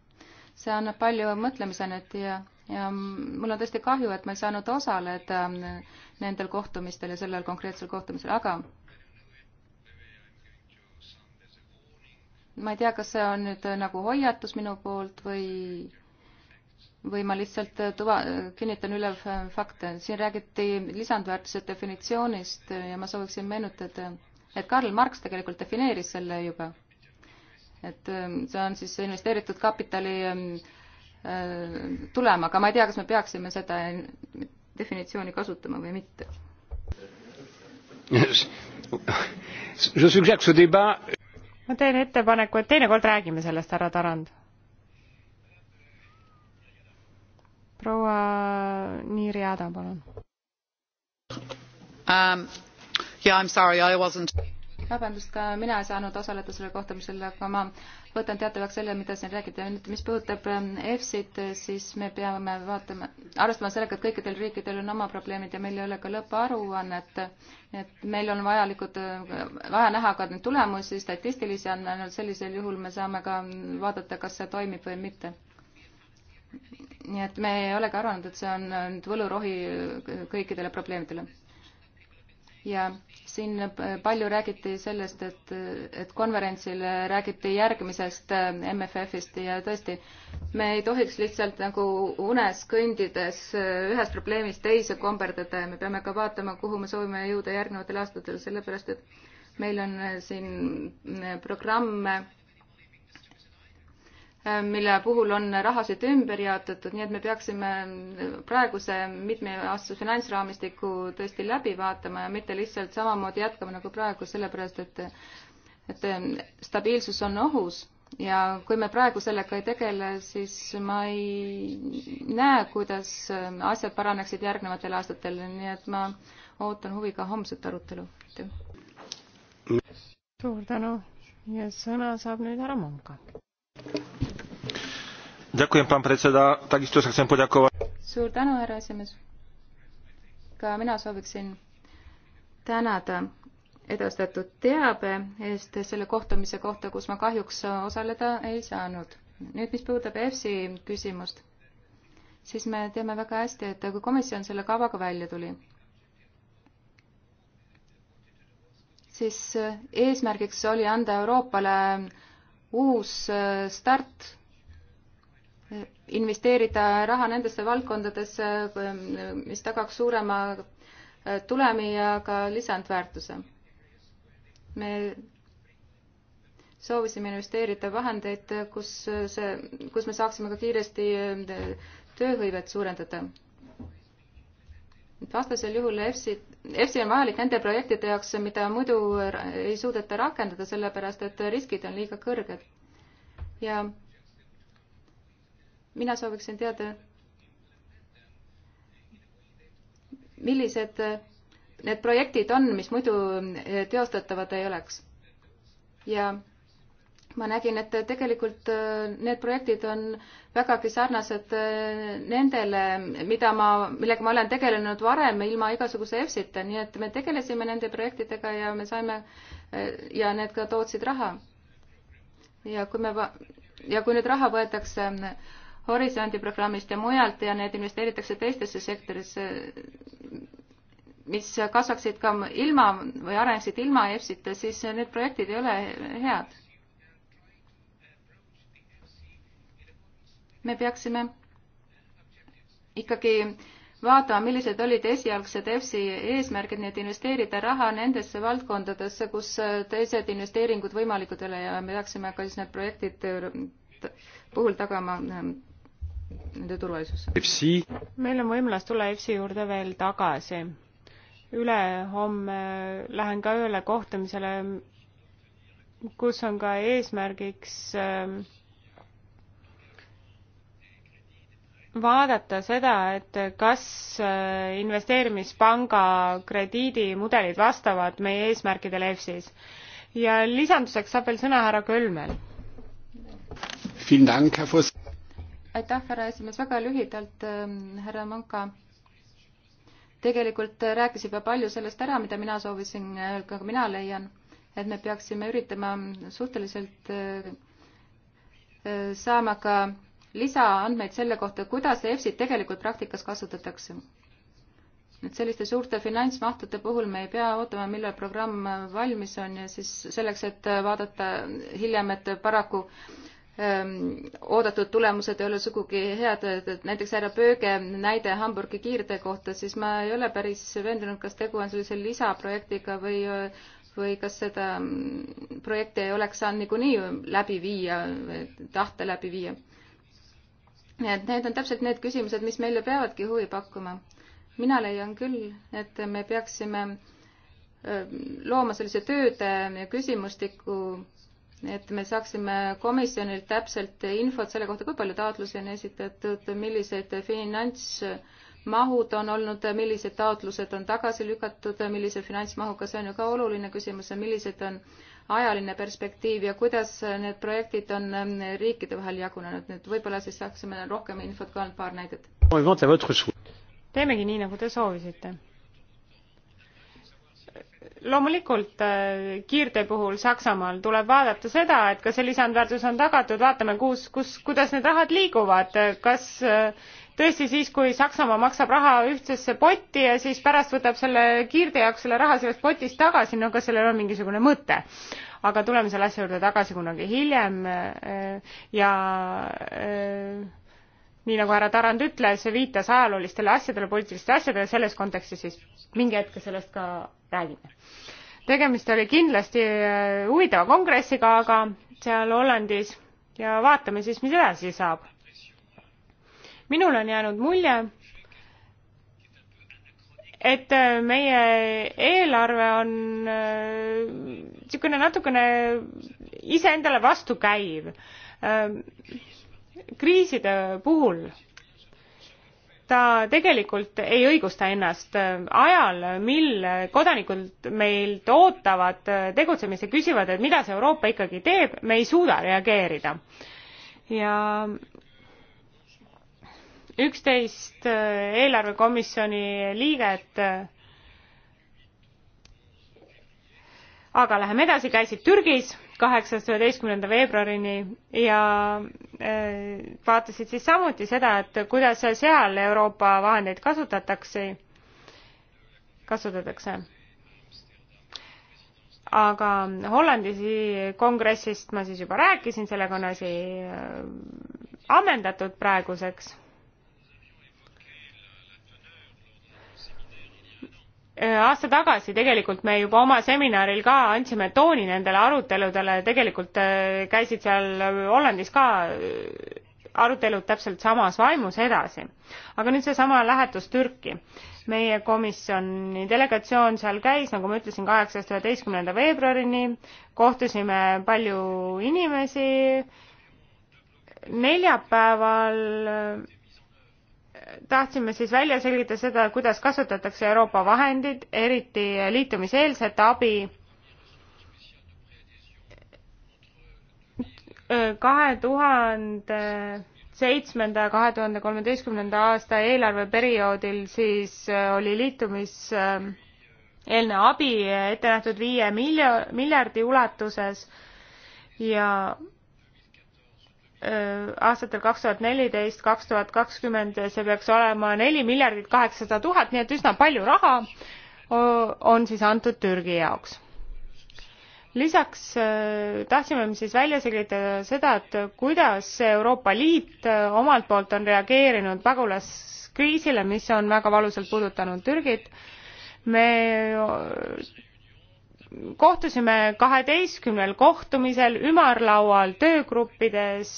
see annab palju mõtlemisainet ja, ja mul on tõesti kahju, et ma ei saanud osaleda ähm, nendel kohtumistel ja sellel konkreetsel kohtumisel, aga ma ei tea, kas see on nüüd äh, nagu hoiatus minu poolt või, või ma lihtsalt äh, tuva, kinnitan üle fakte. siin räägiti lisandväärtuse definitsioonist ja ma sooviksin meenutada, et Karl Marx tegelikult defineeris selle juba et ähm, see on siis investeeritud kapitali ähm, äh, tulem, aga ma ei tea, kas me peaksime seda definitsiooni kasutama või mitte. ma teen ettepaneku, et teinekord räägime sellest, härra Tarand. proua Niiri Ada, palun um,. Yeah, I am sorry, I wasn't vabandust, ka mina ei saanud osaleda sellel kohtumisel, aga ma võtan teatavaks selle, mida siin räägiti. nüüd, mis puudutab ähm, EFSit, siis me peame vaatama, arvestama sellega, et kõikidel riikidel on oma probleemid ja meil ei ole ka lõpparuannet. et meil on vajalikud, äh, vaja näha ka neid tulemusi, statistilisi andmeid, sellisel juhul me saame ka vaadata, kas see toimib või mitte nii et me ei ole ka arvanud, et see on nüüd äh, võlurohi kõikidele probleemidele ja siin äh, palju räägiti sellest, et, et konverentsil räägiti järgmisest äh, MFF-ist ja tõesti, me ei tohiks lihtsalt nagu unes kõndides äh, ühest probleemist teise komberdada ja me peame ka vaatama, kuhu me soovime jõuda järgnevatel aastatel, sellepärast et meil on siin programme mille puhul on rahasid ümber jaotatud, nii et me peaksime praeguse mitmeaastase finantsraamistiku tõesti läbi vaatama ja mitte lihtsalt samamoodi jätkama nagu praegu, sellepärast et et stabiilsus on ohus ja kui me praegu sellega ei tegele, siis ma ei näe, kuidas asjad paraneksid järgnevatel aastatel, nii et ma ootan huviga homset arutelu. suur tänu ja sõna saab nüüd härra Manka. Ďakujem, pán predseda. Takisto sa chcem poďakovať. Suur tänu, härra esimees. Ka mina sooviksin tänada edastatud teabe eest selle kohtumise kohta, kus ma kahjuks osaleda ei saanud. nüüd, mis puudutab EFSI küsimust, siis me teame väga hästi, et kui komisjon selle kavaga välja tuli, siis eesmärgiks oli anda Euroopale uus start investeerida raha nendesse valdkondadesse, mis tagaks suurema äh, tulemi ja ka lisandväärtuse. me soovisime investeerida vahendeid, kus see, kus me saaksime ka kiiresti äh, tööhõivet suurendada. vastasel juhul EFSI, EFSI on vajalik nende projektide jaoks, mida muidu ei suudeta rakendada, sellepärast et riskid on liiga kõrged. ja mina sooviksin teada, millised need projektid on, mis muidu eh, teostatavad ei oleks. ja ma nägin, et tegelikult eh, need projektid on vägagi sarnased eh, nendele, mida ma, millega ma olen tegelenud varem ilma igasuguse EFSita, nii et me tegelesime nende projektidega ja me saime ja need ka tootsid raha. ja kui me, ja kui nüüd raha võetakse Horisondi programmist ja mujalt ja need investeeritakse teistesse sektorisse, mis kasvaksid ka ilma või areneksid ilma EFSita, siis need projektid ei ole head. me peaksime ikkagi vaatama, millised olid esialgsed EFSI eesmärgid, nii et investeerida raha nendesse valdkondadesse, kus teised investeeringud võimalikud ei ole ja me peaksime ka siis need projektid puhul tagama nende turvalisusse. meil on võimalus tulla EFSi juurde veel tagasi. ülehomme lähen ka ühele kohtumisele, kus on ka eesmärgiks ähm, vaadata seda, et kas äh, investeerimispanga krediidimudelid vastavad meie eesmärkidele EFSis. ja lisanduseks saab veel sõna härra Kölmel aitäh, härra esimees, väga lühidalt, ähm, härra Manka. tegelikult äh, rääkis juba palju sellest ära, mida mina soovisin, äh, ka mina leian, et me peaksime üritama suhteliselt äh, saama ka lisaandmeid selle kohta, kuidas EFSit tegelikult praktikas kasutatakse. et selliste suurte finantsmahtude puhul me ei pea ootama, millal programm valmis on ja siis selleks, et vaadata hiljem, et paraku äh, Ehm, oodatud tulemused ei ole sugugi head, et näiteks härra Pööge näide Hamburgi kiirtee kohta, siis ma ei ole päris veendunud, kas tegu on sellise lisaprojektiga või, või kas seda mm, projekti ei oleks saanud niikuinii läbi viia, tahte läbi viia. nii et need on täpselt need küsimused, mis meile peavadki huvi pakkuma. mina leian küll, et me peaksime ehm, looma sellise tööde küsimustiku et me saaksime komisjonilt täpselt infot selle kohta, kui palju taotlusi on esitatud, millised finantsmahud on olnud, millised taotlused on tagasi lükatud, millise finantsmahuga, see on ju ka oluline küsimus, millised on ajaline perspektiiv ja kuidas need projektid on riikide vahel jagunenud, nüüd võib-olla siis saaksime rohkem infot ka, ainult paar näidet. teemegi nii, nagu te soovisite loomulikult äh, kiirtee puhul Saksamaal tuleb vaadata seda, et kas see lisandväärtus on tagatud, vaatame, kus, kus, kuidas need rahad liiguvad, kas äh, tõesti siis, kui Saksamaa maksab raha ühtsesse potti ja siis pärast võtab selle kiirtee jaoks selle raha sellest potist tagasi, no kas sellel on mingisugune mõte? aga tuleme selle asja juurde tagasi kunagi hiljem äh, ja nii nagu härra Tarand ütles, viitas ajaloolistele asjadele, poliitilistele asjadele, selles kontekstis siis mingi hetk sellest ka räägime. tegemist oli kindlasti äh, huvitava kongressiga, aga seal Hollandis ja vaatame siis, mis edasi saab. minul on jäänud mulje, et äh, meie eelarve on äh, niisugune natukene iseendale vastukäiv kriiside puhul ta tegelikult ei õigusta ennast ajal, mil kodanikud meilt ootavad tegutsemist ja küsivad, et mida see Euroopa ikkagi teeb, me ei suuda reageerida. ja üksteist eelarvekomisjoni liiget aga läheme edasi, käisid Türgis kaheksast üheteistkümnenda veebruarini ja Äh, vaatasid siis samuti seda, et kuidas seal Euroopa vahendeid kasutatakse, kasutatakse. aga Hollandi kongressist ma siis juba rääkisin, sellega on asi äh, ammendatud praeguseks Äh, aasta tagasi tegelikult me juba oma seminaril ka andsime tooni nendele aruteludele, tegelikult äh, käisid seal Hollandis ka äh, arutelud täpselt samas vaimus edasi. aga nüüd seesama lähetus Türki. meie komisjoni delegatsioon seal käis, nagu ma ütlesin, kaheksast üheteistkümnenda veebruarini, kohtusime palju inimesi, neljapäeval tahtsime siis välja selgitada seda, kuidas kasutatakse Euroopa vahendid, eriti liitumiseelset abi. kahe tuhande seitsmenda ja kahe tuhande kolmeteistkümnenda aasta eelarveperioodil siis äh, oli liitumiseelne äh, abi ette nähtud viie miljo-, miljardi ulatuses ja Äh, aastatel kaks tuhat neliteist, kaks tuhat kakskümmend, see peaks olema neli miljardit kaheksasada tuhat, nii et üsna palju raha on siis antud Türgi jaoks. lisaks äh, tahtsime me siis välja selgitada seda, et kuidas Euroopa Liit äh, omalt poolt on reageerinud pagulaskriisile, mis on väga valusalt puudutanud Türgit. me kohtusime kaheteistkümnel kohtumisel ümarlaual töögruppides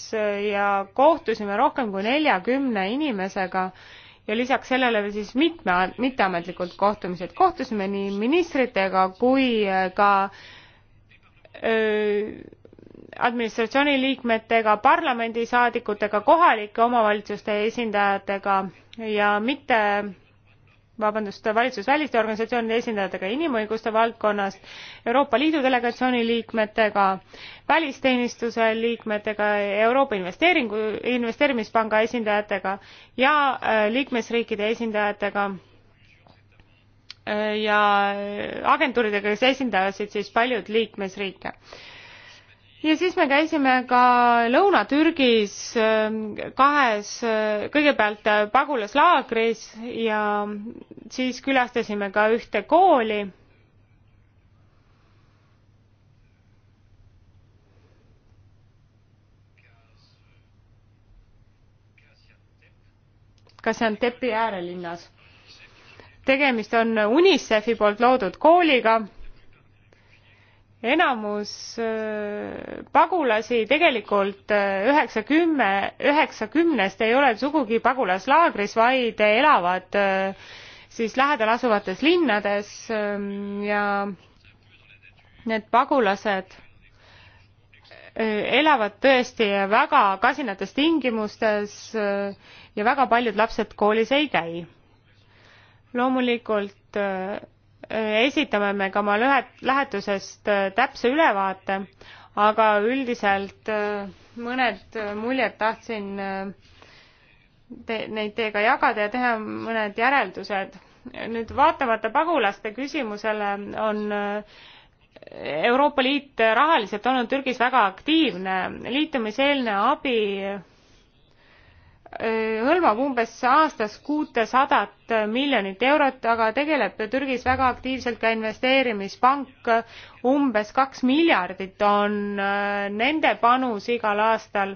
ja kohtusime rohkem kui neljakümne inimesega ja lisaks sellele siis mitme mitteametlikud kohtumised kohtusime nii ministritega kui ka öö, administratsiooni liikmetega parlamendisaadikutega kohalike omavalitsuste esindajatega ja mitte vabandust, valitsusväliste organisatsioonide esindajatega inimõiguste valdkonnast, Euroopa Liidu delegatsiooni liikmetega, välisteenistuse liikmetega, Euroopa Investeeringu, Investeerimispanga esindajatega ja äh, liikmesriikide esindajatega äh, ja äh, agentuuridega, kes esindasid siis paljud liikmesriike ja siis me käisime ka Lõuna-Türgis ähm, kahes, äh, kõigepealt äh, pagulaslaagris ja siis külastasime ka ühte kooli Gaziantepi äärelinnas. tegemist on UNICEFi poolt loodud kooliga enamus pagulasi tegelikult üheksakümme, üheksakümnest ei ole sugugi pagulaslaagris, vaid elavad siis lähedal asuvates linnades ja need pagulased elavad tõesti väga kasinates tingimustes ja väga paljud lapsed koolis ei käi. loomulikult Äh, esitame me ka oma lähetusest äh, täpse ülevaate, aga üldiselt äh, mõned muljed tahtsin te, neid teiega jagada ja teha mõned järeldused. nüüd vaatamata pagulaste küsimusele on Euroopa Liit rahaliselt olnud Türgis väga aktiivne, liitumiseelne abi Äh, hõlmab umbes aastas kuutesadat miljonit eurot, aga tegeleb Türgis väga aktiivselt ka investeerimispank. umbes kaks miljardit on äh, nende panus igal aastal.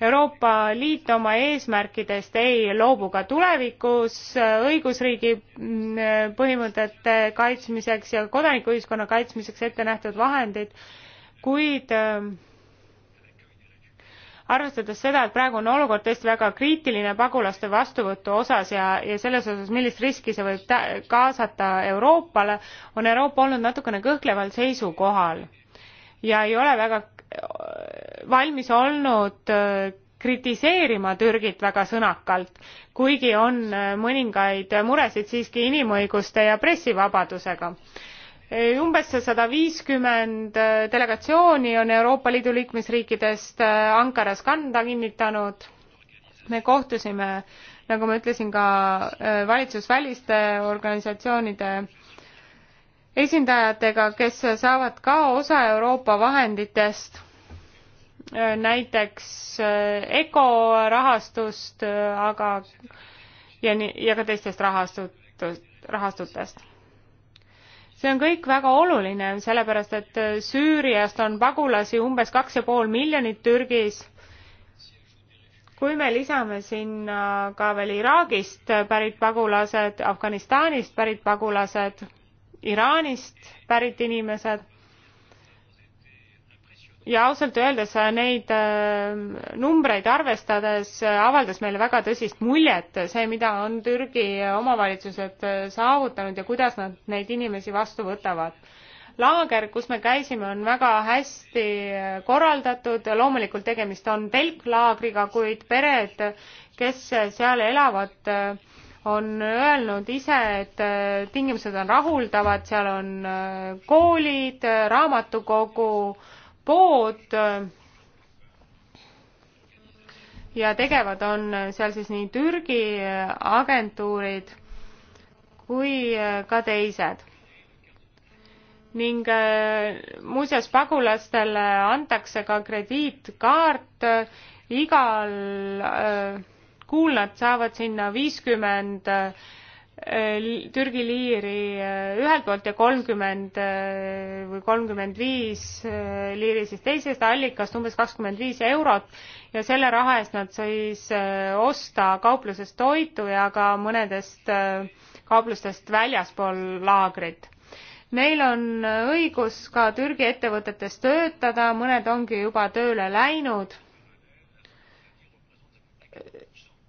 Euroopa Liit oma eesmärkidest ei loobu ka tulevikus äh, õigusriigi mm, põhimõtete kaitsmiseks ja kodanikuühiskonna kaitsmiseks ette nähtud vahendid, kuid äh, arvestades seda, et praegu on olukord tõesti väga kriitiline pagulaste vastuvõtu osas ja, ja selles osas, millist riski see võib kaasata Euroopale, on Euroopa olnud natukene kõhkleval seisukohal ja ei ole väga valmis olnud äh, kritiseerima Türgit väga sõnakalt, kuigi on äh, mõningaid muresid siiski inimõiguste ja pressivabadusega umbes see sada viiskümmend äh, delegatsiooni on Euroopa Liidu liikmesriikidest äh, Ankaras kanda kinnitanud. me kohtusime, nagu ma ütlesin, ka äh, valitsusväliste organisatsioonide esindajatega, kes saavad ka osa Euroopa vahenditest, näiteks ECO rahastust, aga ja nii, ja ka teistest rahastut-, rahastutest see on kõik väga oluline, sellepärast et äh, Süüriast on pagulasi umbes kaks ja pool miljonit Türgis. kui me lisame sinna ka veel Iraagist pärit pagulased, Afganistanist pärit pagulased, Iraanist pärit inimesed ja ausalt öeldes äh, neid äh, numbreid arvestades äh, avaldas meile väga tõsist muljet see, mida on Türgi omavalitsused saavutanud ja kuidas nad neid inimesi vastu võtavad. laager, kus me käisime, on väga hästi korraldatud, loomulikult tegemist on telklaagriga, kuid pered, kes seal elavad, on öelnud ise, et tingimused on rahuldavad, seal on koolid, raamatukogu, pood ja tegevad on seal siis nii Türgi agentuurid kui ka teised. ning äh, muuseas, pagulastele antakse ka krediitkaart, igal äh, kuul nad saavad sinna viiskümmend äh, Äh, Türgi liiri äh, ühelt poolt ja kolmkümmend äh, või kolmkümmend viis liiri siis teisest allikast, umbes kakskümmend viis eurot ja selle raha eest nad siis osta kauplusest toitu ja ka mõnedest kauplustest väljaspool laagrit neil on õigus ka Türgi ettevõtetes töötada, mõned ongi juba tööle läinud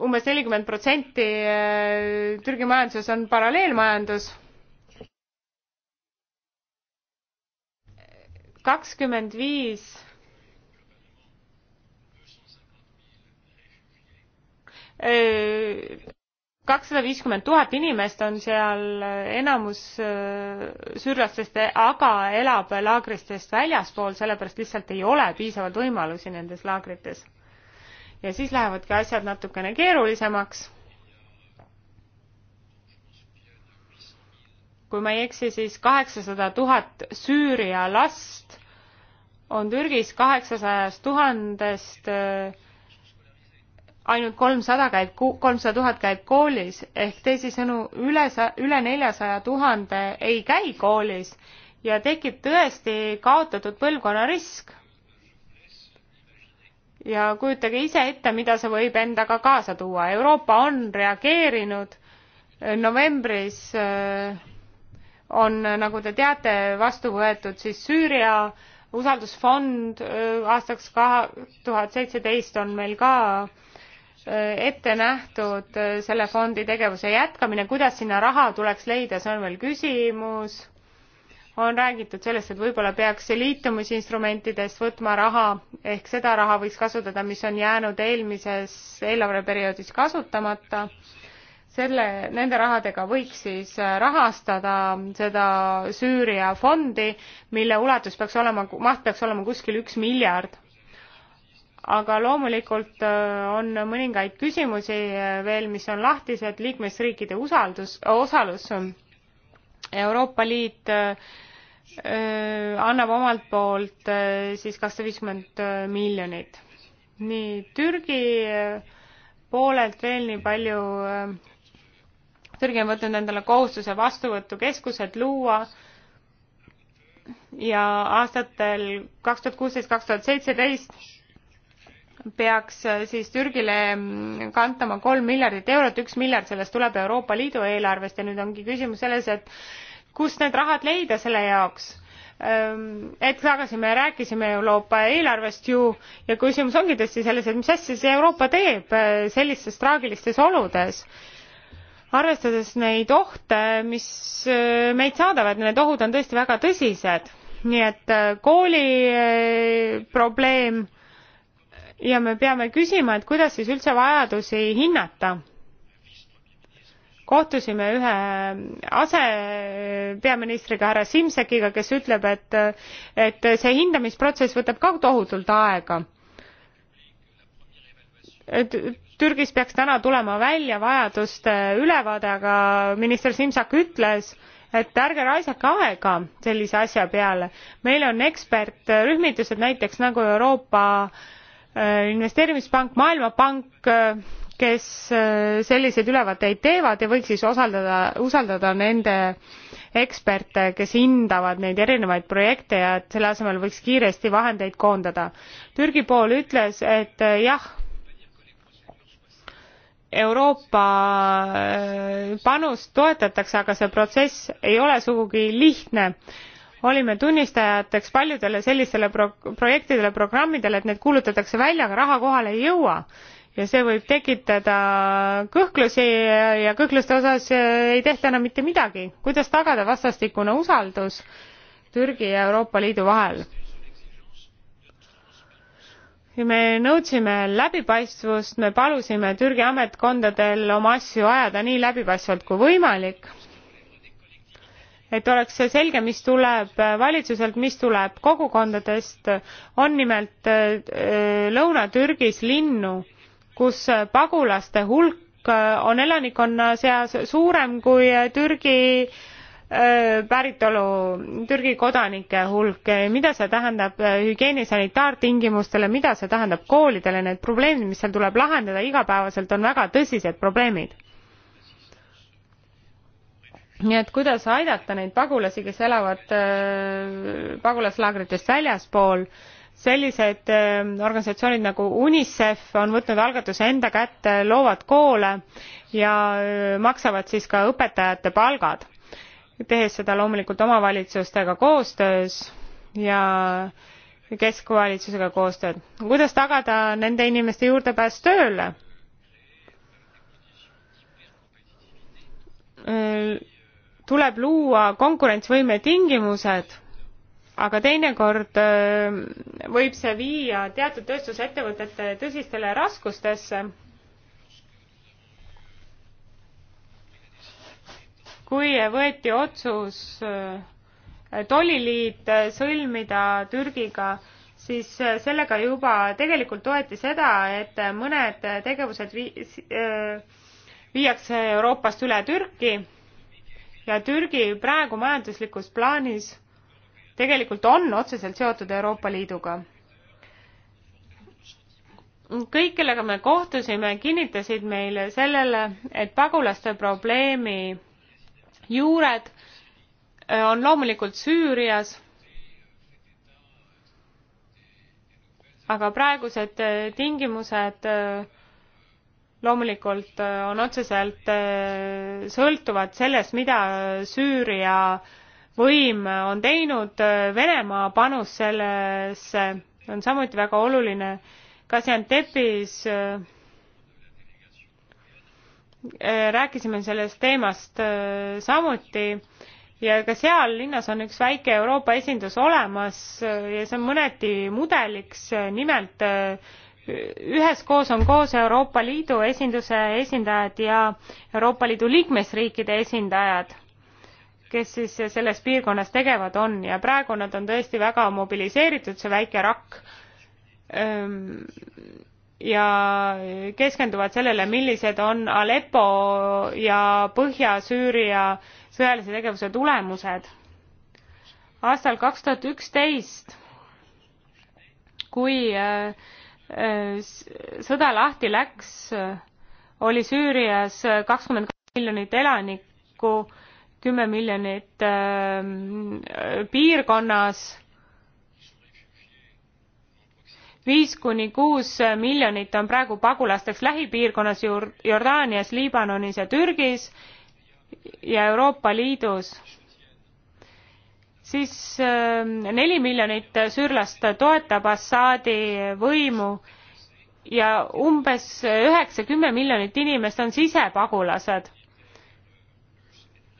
umbes nelikümmend protsenti äh, Türgi majanduses on paralleelmajandus. kakskümmend viis äh, kakssada viiskümmend tuhat inimest on seal enamus äh, sürlastest aga elab laagristest väljaspool sellepärast lihtsalt ei ole piisavalt võimalusi nendes laagrites ja siis lähevadki asjad natukene keerulisemaks. kui ma ei eksi, siis kaheksasada tuhat Süüria last on Türgis kaheksasajast tuhandest äh, ainult kolmsada käib, kolmsada tuhat käib koolis ehk teisisõnu üle, üle neljasaja tuhande ei käi koolis ja tekib tõesti kaotatud põlvkonna risk ja kujutage ise ette, mida see võib endaga kaasa tuua. Euroopa on reageerinud. novembris äh, on, äh, nagu te teate, vastu võetud siis Süüria usaldusfond äh, aastaks kahe tuhat seitseteist on meil ka ette nähtud selle fondi tegevuse jätkamine. kuidas sinna raha tuleks leida, see on veel küsimus on räägitud sellest, et võib-olla peaks liitumisinstrumentidest võtma raha ehk seda raha võiks kasutada, mis on jäänud eelmises eelarveperioodis kasutamata. selle, nende rahadega võiks siis rahastada seda Süüria fondi, mille ulatus peaks olema, maht peaks olema kuskil üks miljard aga loomulikult äh, on mõningaid küsimusi äh, veel, mis on lahtised, liikmesriikide usaldus, osalus Euroopa Liit äh, äh, annab omalt poolt äh, siis kakssada viiskümmend miljonit. nii, Türgi poolelt veel nii palju, Türgi on võtnud endale kohustuse vastuvõtukeskused luua ja aastatel kaks tuhat kuusteist, kaks tuhat seitseteist peaks äh, siis Türgile mm, kantama kolm miljardit eurot, üks miljard sellest tuleb Euroopa Liidu eelarvest ja nüüd ongi küsimus selles, et kust need rahad leida selle jaoks ähm, hetk tagasi me rääkisime Euroopa eelarvest ju ja küsimus ongi tõesti selles, et mis asja see Euroopa teeb äh, sellistes traagilistes oludes. arvestades neid ohte, mis äh, meid saadavad, need ohud on tõesti väga tõsised, nii et kooli probleem ja me peame küsima, et kuidas siis üldse vajadusi hinnata. kohtusime ühe asepeaministriga, härra Simsekiga, kes ütleb, et, et see hindamisprotsess võtab ka tohutult aega. et Türgis peaks täna tulema välja vajaduste ülevaade, aga minister Simsak ütles, et ärge raisake aega sellise asja peale. meil on ekspertrühmitused näiteks nagu Euroopa äh, Äh, investeerimispank maailmapank äh, kes äh, selliseid ülevaateid teevad ja võiks siis osaldada usaldada nende eksperte kes hindavad neid erinevaid projekte ja et selle asemel võiks kiiresti vahendeid koondada türgi pool ütles et jah euroopa panust toetatakse aga see protsess ei ole sugugi lihtne olime tunnistajateks paljudele sellistele pro projektidele programmidele et need kuulutatakse välja aga raha kohale ei jõua ja see võib tekitada kõhklusi ja, ja kõhkluste osas äh, ei tehta enam mitte midagi kuidas tagada vastastikune usaldus türgi ja euroopa liidu vahel ja me nõudsime läbipaistvust me palusime türgi ametkondadel oma asju ajada nii läbipaistvalt kui võimalik et oleks selge, mis tuleb äh, valitsuselt, mis tuleb kogukondadest, on nimelt äh, äh, Lõuna-Türgis linnu, kus pagulaste hulk on elanikkonna seas suurem kui Türgi päritolu Türgi kodanike hulk, mida see tähendab hügieeni sanitaartingimustele, mida see tähendab koolidele, need probleemid, mis seal tuleb lahendada igapäevaselt, on väga tõsised probleemid nii et kuidas aidata neid pagulasi, kes elavad äh, pagulaslaagritest väljaspool, sellised äh, organisatsioonid nagu UNICEF on võtnud algatuse enda kätte, loovad koole ja äh, maksavad siis ka õpetajate palgad, tehes seda loomulikult omavalitsustega koostöös ja keskvalitsusega koostööd. kuidas tagada nende inimeste juurdepääs tööle? tuleb luua konkurentsivõime tingimused, aga teinekord võib see viia teatud tööstusettevõtete tõsistele raskustesse. kui võeti otsus tolliliit sõlmida Türgiga, siis sellega juba tegelikult toeti seda, et mõned tegevused viiakse Euroopast üle Türki ja Türgi praegu majanduslikus plaanis tegelikult on otseselt seotud Euroopa Liiduga. kõik, kellega me kohtusime, kinnitasid meile sellele, et pagulaste probleemi juured on loomulikult Süürias, aga praegused tingimused äh, loomulikult äh, on otseselt äh, sõltuvad sellest, mida Süüria võim on teinud, Venemaa panus sellesse on samuti väga oluline. Gaziantepis äh, rääkisime sellest teemast samuti ja ka seal linnas on üks väike Euroopa esindus olemas ja see on mõneti mudeliks, nimelt üheskoos on koos Euroopa Liidu esinduse esindajad ja Euroopa Liidu liikmesriikide esindajad, kes siis selles piirkonnas tegevad on ja praegu nad on tõesti väga mobiliseeritud, see väike rakk, ähm, ja keskenduvad sellele, millised on Aleppo ja Põhja-Süüria sõjalise tegevuse tulemused. aastal kaks tuhat üksteist, kui äh, Äh, sõda lahti läks, äh, oli Süürias äh, kakskümmend kaks miljonit elanikku, kümme miljonit piirkonnas, viis kuni kuus miljonit on praegu pagulasteks lähipiirkonnas Jordaanias, Liibanonis ja Türgis ja Euroopa Liidus siis ähm, neli miljonit süürlast toetab Assaadi võimu ja umbes üheksa-kümme miljonit inimest on sisepagulased.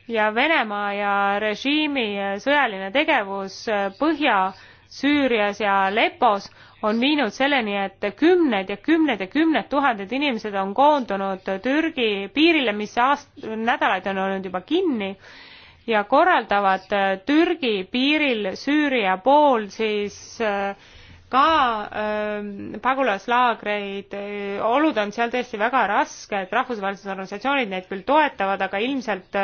ja Venemaa ja režiimi sõjaline tegevus Põhja-Süürias ja Alepos on viinud selleni, et kümned ja kümned ja kümned tuhanded inimesed on koondunud Türgi piirile, mis aast-, nädalaid on olnud juba kinni ja korraldavad äh, Türgi piiril Süüria pool siis äh, ka ähm, pagulaslaagreid, äh, olud on seal tõesti väga rasked, rahvusvahelised organisatsioonid neid küll toetavad, aga ilmselt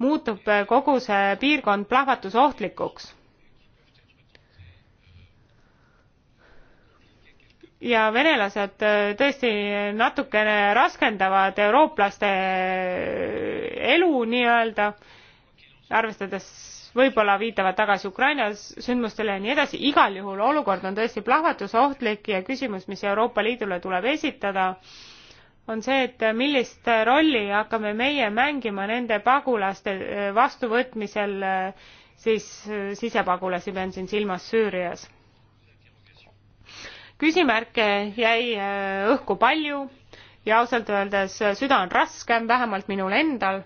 muutub kogu see piirkond plahvatusohtlikuks ja venelased tõesti natukene raskendavad eurooplaste elu nii-öelda arvestades võib-olla viitavad tagasi Ukraina sündmustele ja nii edasi, igal juhul olukord on tõesti plahvatusohtlik ja küsimus, mis Euroopa Liidule tuleb esitada, on see, et millist rolli hakkame meie mängima nende pagulaste eh, vastuvõtmisel, eh, siis eh, sisepagulasi pean siin silmas Süürias. küsimärke jäi õhku palju ja ausalt öeldes süda on raske, vähemalt minul endal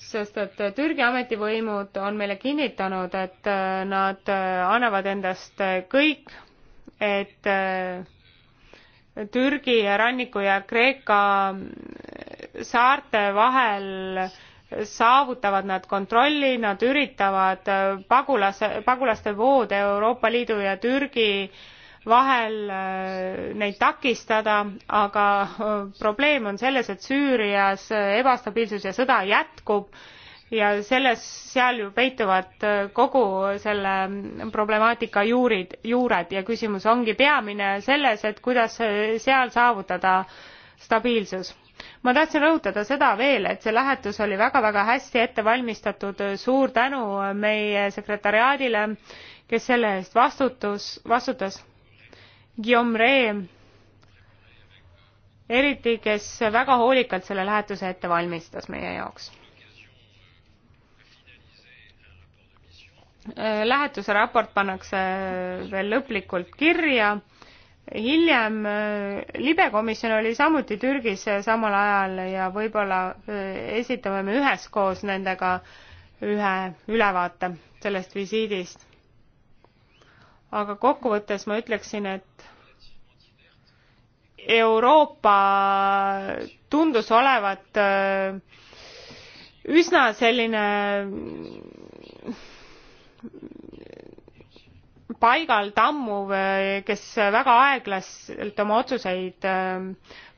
sest et Türgi ametivõimud on meile kinnitanud, et äh, nad äh, annavad endast äh, kõik, et Türgi ranniku ja Kreeka saarte vahel saavutavad nad kontrolli, nad üritavad pagulase, pagulaste vood Euroopa Liidu ja Türgi äh, vahel äh, neid takistada, aga äh, probleem on selles, et Süürias äh, ebastabiilsus ja sõda jätkub ja selles, seal ju peituvad kogu selle mm, problemaatika juurid, juured ja küsimus ongi peamine selles, et kuidas seal saavutada stabiilsus ma tahtsin rõhutada seda veel et see lähetus oli väga väga hästi ette valmistatud suur tänu meie sekretariaadile kes selle eest vastutus vastutas Guillaume Ree, eriti kes väga hoolikalt selle lähetuse ette valmistas meie jaoks. lähetuse raport pannakse veel lõplikult kirja hiljem eh, libekomisjon oli samuti Türgis samal ajal ja võib-olla eh, esitame me üheskoos nendega ühe ülevaate sellest visiidist aga kokkuvõttes ma ütleksin, et Euroopa tundus olevat äh, üsna selline äh, paigal tammuv, äh, kes väga aeglaselt oma otsuseid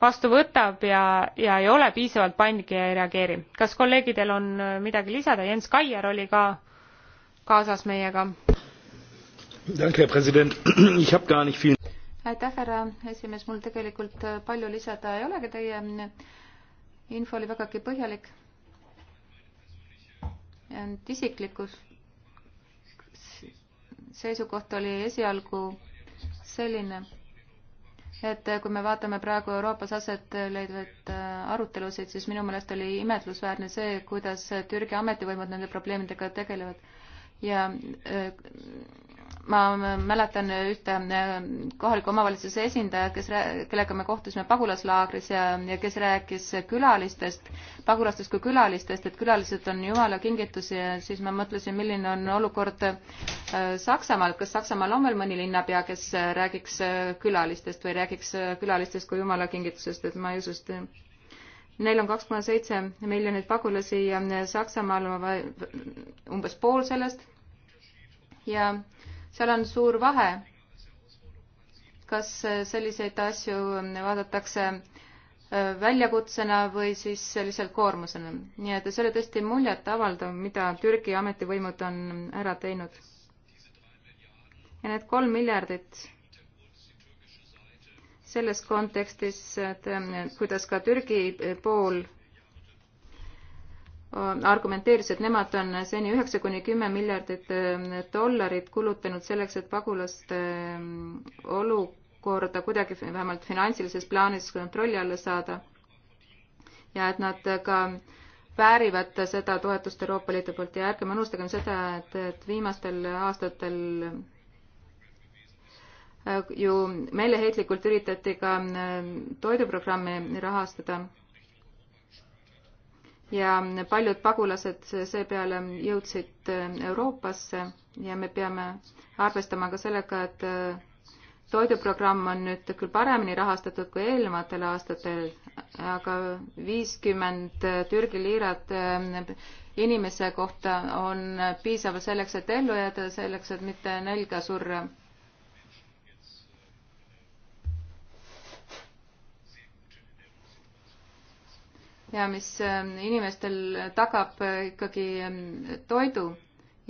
vastu võtab ja, ja ei ole piisavalt paindlik ja ei reageeri. kas kolleegidel on midagi lisada, Jens Kaier oli ka kaasas meiega. aitäh, härra esimees, mul tegelikult äh, palju lisada ei olegi, teie äh, info oli vägagi põhjalik. ent isiklikus seisukoht oli esialgu selline, et äh, kui me vaatame praegu Euroopas aset leidvaid arutelusid, siis minu meelest oli imetlusväärne see, kuidas Türgi ametivõimud nende probleemidega tegelevad ja ma mäletan ühte äh, kohaliku omavalitsuse esindajat, kes, kellega me kohtusime pagulaslaagris ja, ja kes rääkis külalistest, pagulastest kui külalistest, et külalised on jumala kingitus ja siis ma mõtlesin, milline on olukord äh, Saksamaal, kas Saksamaal on veel mõni linnapea, kes äh, räägiks külalistest või räägiks külalistest kui jumala kingitusest, et ma ei usu seda Neil on kaks koma seitse miljonit pagulasi ja Saksamaal umbes pool sellest ja äh, seal on suur vahe, kas selliseid asju vaadatakse äh, väljakutsena või siis lihtsalt koormusena. nii et see oli tõesti muljetavaldav, mida Türgi ametivõimud on ära teinud. ja need kolm miljardit selles kontekstis, et äh, kuidas ka Türgi pool argumenteeris, et nemad on seni üheksa kuni kümme miljardit äh, dollarit kulutanud selleks, et pagulaste äh, olukorda kuidagi vähemalt finantsilises plaanis kontrolli alla saada. ja et nad ka väärivad seda toetust Euroopa Liidu poolt ja ärgem unustagem seda, et, et viimastel aastatel äh, ju meeleheitlikult üritati ka toiduprogrammi rahastada ja paljud pagulased seepeale jõudsid äh, Euroopasse ja me peame arvestama ka sellega, et äh, toiduprogramm on nüüd küll paremini rahastatud kui eelnevatel aastatel, aga viiskümmend äh, Türgi liirat inimese kohta on piisav selleks, et ellu jääda, selleks, et mitte nälga surra ja mis ähm, inimestel tagab äh, ikkagi ähm, toidu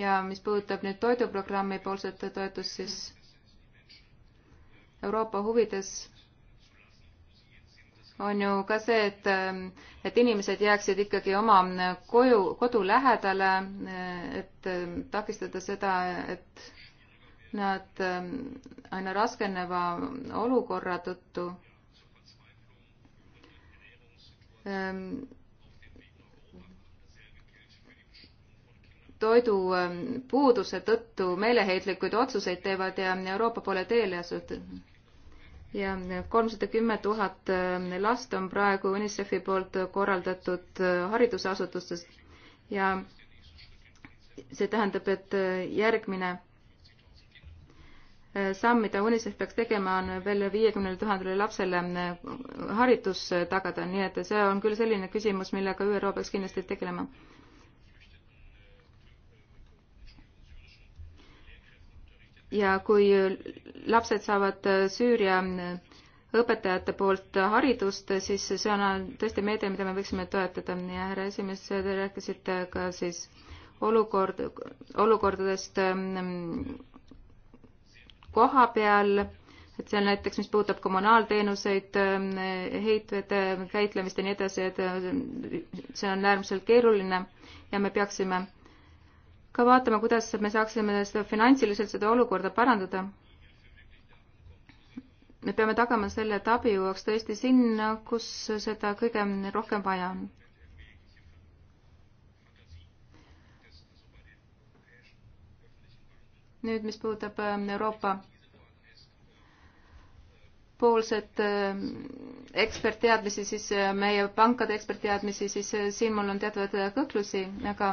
ja mis puudutab nüüd toiduprogrammi poolset toetust, siis Euroopa huvides on ju ka see, et, ähm, et inimesed jääksid ikkagi oma äh, koju, kodu lähedale, äh, et takistada seda, et nad aina raskeneva olukorra tõttu Ähm, toidupuuduse ähm, tõttu meeleheitlikuid otsuseid teevad ja Euroopa poole teele asuvad. ja kolmsada kümme tuhat ähm, last on praegu UNICEF-i poolt korraldatud äh, haridusasutustes ja see tähendab, et äh, järgmine samm, mida UNICEF peaks tegema, on veel viiekümnele tuhandele lapsele eh, haritus eh, tagada, nii et see on küll selline küsimus, millega ÜRO peaks kindlasti tegelema. ja kui lapsed saavad eh, Süüria õpetajate poolt haridust, siis see on tõesti meede, mida me võiksime toetada ja härra esimees, te rääkisite ka siis olukord, olukordadest ähm, koha peal, et seal näiteks, mis puudutab kommunaalteenuseid, ähm, heitvede ähm, käitlemist ja nii edasi, et äh, see on äärmiselt keeruline ja me peaksime ka vaatama, kuidas me saaksime seda finantsiliselt, seda olukorda parandada. me peame tagama selle, et abi jõuaks tõesti sinna, kus seda kõige rohkem vaja on nüüd, mis puudutab ähm, Euroopa poolset ähm, ekspertteadmisi, siis äh, meie pankade ekspertteadmisi, siis äh, siin mul on teatavad äh, kõhklusi, aga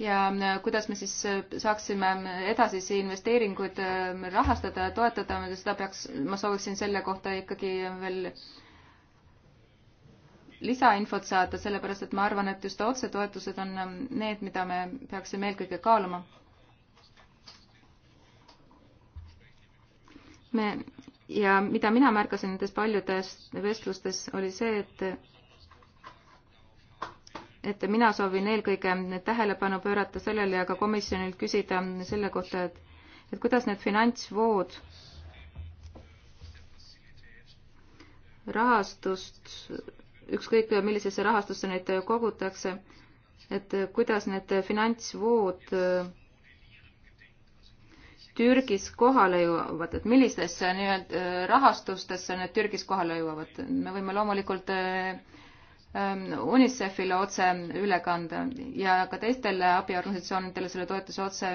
ja kuidas me siis saaksime ähm, edasisi investeeringuid rahastada ja toetada, seda peaks, ma sooviksin selle kohta ikkagi veel äh, lisainfot saada, sellepärast et ma arvan, et just otsetoetused on ähm, need, mida me peaksime eelkõige kaaluma. me ja mida mina märkasin nendes paljudes vestlustes, oli see, et et mina soovin eelkõige tähelepanu pöörata sellele ja ka komisjonilt küsida selle kohta, et et kuidas need finantsvood rahastust ükskõik millisesse rahastusse neid kogutakse, et kuidas need finantsvood äh, Türgis kohale jõuavad, et millistesse nii-öelda äh, rahastustesse need Türgis kohale jõuavad, me võime loomulikult äh, ähm, UNICEF-ile otse üle kanda ja ka teistele abiorganisatsioonidele selle toetuse otse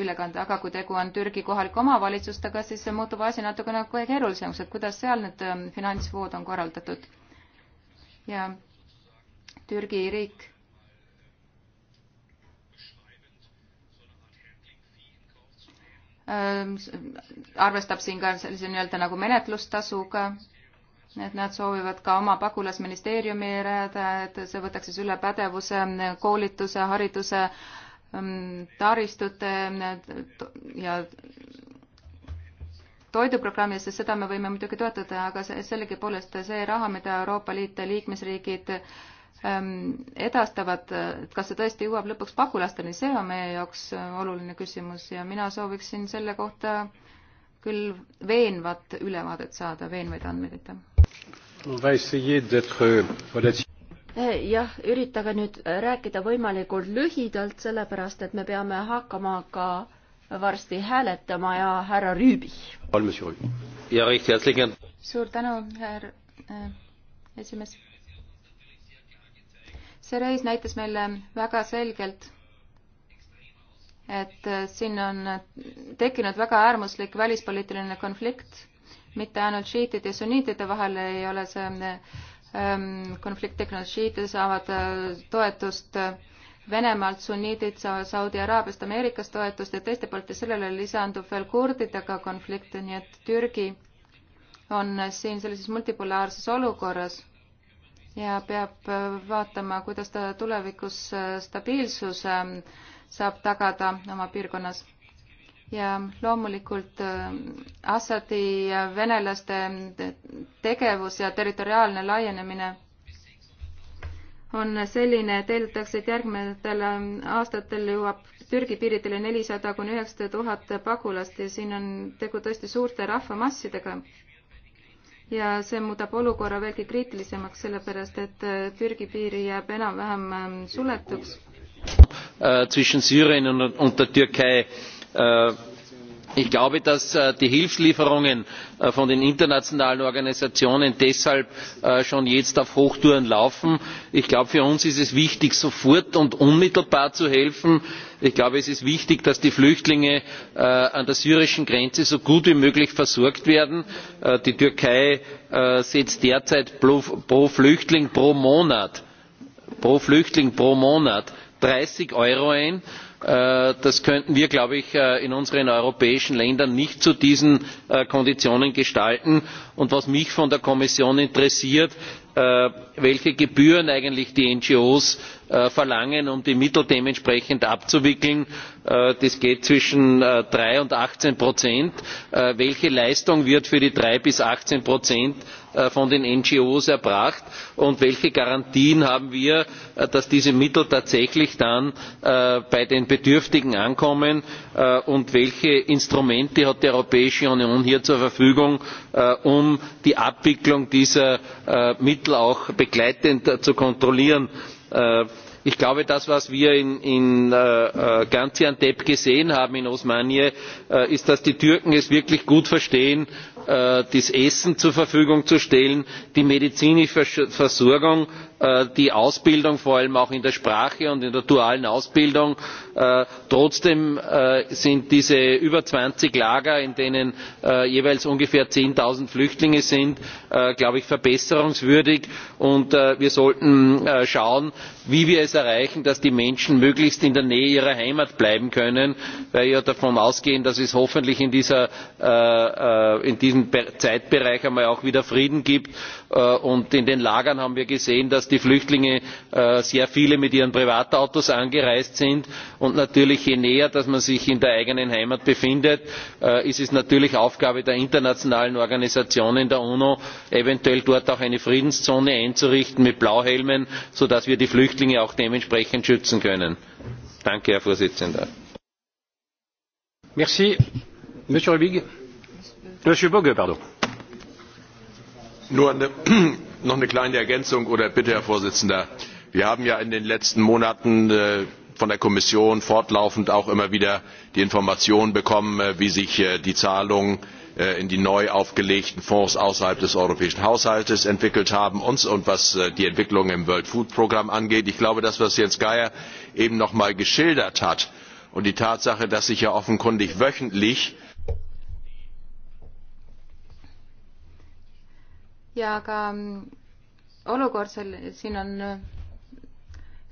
üle kanda, aga kui tegu on Türgi kohalike omavalitsustega, siis muutub asi natukene nagu keerulisemaks, et kuidas seal need ähm, finantsvood on korraldatud ja Türgi riik ähm, arvestab siin ka sellise nii-öelda nagu menetlustasuga, et nad soovivad ka oma pagulasministeeriumi rajada, et see võtaks siis üle pädevuse, koolituse, hariduse, ähm, taristute ja toiduprogrammis, seda me võime muidugi toetada, aga sellegipoolest see raha, mida Euroopa Liit ja liikmesriigid ähm, edastavad, et kas see tõesti jõuab lõpuks pagulasteni, see on meie jaoks oluline küsimus ja mina sooviksin selle kohta küll veenvat ülevaadet saada, veenvaid andmeid, aitäh. Eh, jah, üritage nüüd rääkida võimalikult lühidalt, sellepärast et me peame hakkama ka varsti hääletama ja härra Rüübi. suur tänu, härra äh, esimees. see reis näitas meile väga selgelt, et äh, siin on äh, tekkinud väga äärmuslik välispoliitiline konflikt, mitte ainult šiitide ja sunniitide vahel ei ole see ähm, konflikt tekkinud, šiitid saavad toetust äh, Venemaalt, sunniidid Saudi Araabiast, Ameerikast toetust ja teiste poolt ja sellele lisandub veel kurdidega konflikt, nii et Türgi on siin sellises multipolaarses olukorras ja peab äh, vaatama, kuidas ta tulevikus äh, stabiilsuse äh, saab tagada oma piirkonnas. ja loomulikult Assadi venelaste tegevus ja territoriaalne laienemine on selline, et eeldatakse, et järgnevatel ähm, aastatel jõuab Türgi piiridele nelisada kuni üheksasada tuhat pagulast ja siin on tegu tõesti suurte rahvamassidega. ja see muudab olukorra veelgi kriitilisemaks, sellepärast et äh, Türgi piir jääb enam-vähem ähm, suletuks. Äh, zwischen Syrien und der Türkei äh, ich glaube dass äh, die hilfslieferungen äh, von den internationalen organisationen deshalb äh, schon jetzt auf hochtouren laufen. ich glaube für uns ist es wichtig sofort und unmittelbar zu helfen. ich glaube es ist wichtig dass die flüchtlinge an der syrischen grenze so gut wie möglich versorgt werden. die türkei setzt derzeit pro flüchtling pro monat dreißig euro ein. Äh, das könnten wir glaube ich äh, in unseren europäischen ländern nicht zu diesen äh, konditionen gestalten. und was mich von der kommission interessiert welche gebühren eigentlich die ngos verlangen um die mittel dementsprechend abzuwickeln das geht zwischen drei und achtzehn welche leistung wird für die drei bis achtzehn Äh, von den ngos erbracht und welche garantien haben wir äh, dass diese mittel tatsächlich dann äh, bei den bedürftigen ankommen und welche instrumente hat die europäische union hier zur verfügung um die abwicklung dieser mittel auch begleitend zu kontrollieren? ich glaube das was wir in gaziantep gesehen haben in osmanie ist dass die türken es wirklich gut verstehen Äh, das essen zur verfügung zu stellen die medizinische versorgung Äh, die ausbildung vor allem auch in der sprache und in der dualen ausbildung. Äh, trotzdem äh, sind diese über zwanzig lager in denen jeweils ungefähr zehn null flüchtlinge sind glaube ich verbesserungswürdig und wir sollten schauen wie wir es erreichen dass die menschen möglichst in der nähe ihrer heimat bleiben können weil wir davon ausgehen dass es hoffentlich in diesem zeitbereich einmal auch wieder frieden gibt. Äh, und in den lagern haben wir gesehen dass die flüchtlinge äh, sehr viele mit ihren privatautos angereist sind und natürlich je näher man sich in der eigenen heimat befindet äh, ist es natürlich aufgabe der internationalen organisationen der uno eventuell dort auch eine friedenszone einzurichten mit blauhelmen sodass wir die flüchtlinge auch dementsprechend schützen können. danke herr präsident! monsieur bge pardon. Nur eine, noch eine kleine Ergänzung oder Bitte, Herr Vorsitzender. Wir haben ja in den letzten Monaten äh, von der Kommission fortlaufend auch immer wieder die Informationen bekommen, äh, wie sich äh, die Zahlungen äh, in die neu aufgelegten Fonds außerhalb des europäischen Haushaltes entwickelt haben uns und was äh, die Entwicklung im World Food Programm angeht. Ich glaube, das, was Jens Geier eben noch mal geschildert hat und die Tatsache, dass sich ja offenkundig wöchentlich ja ka mm, olukord seal, siin on äh,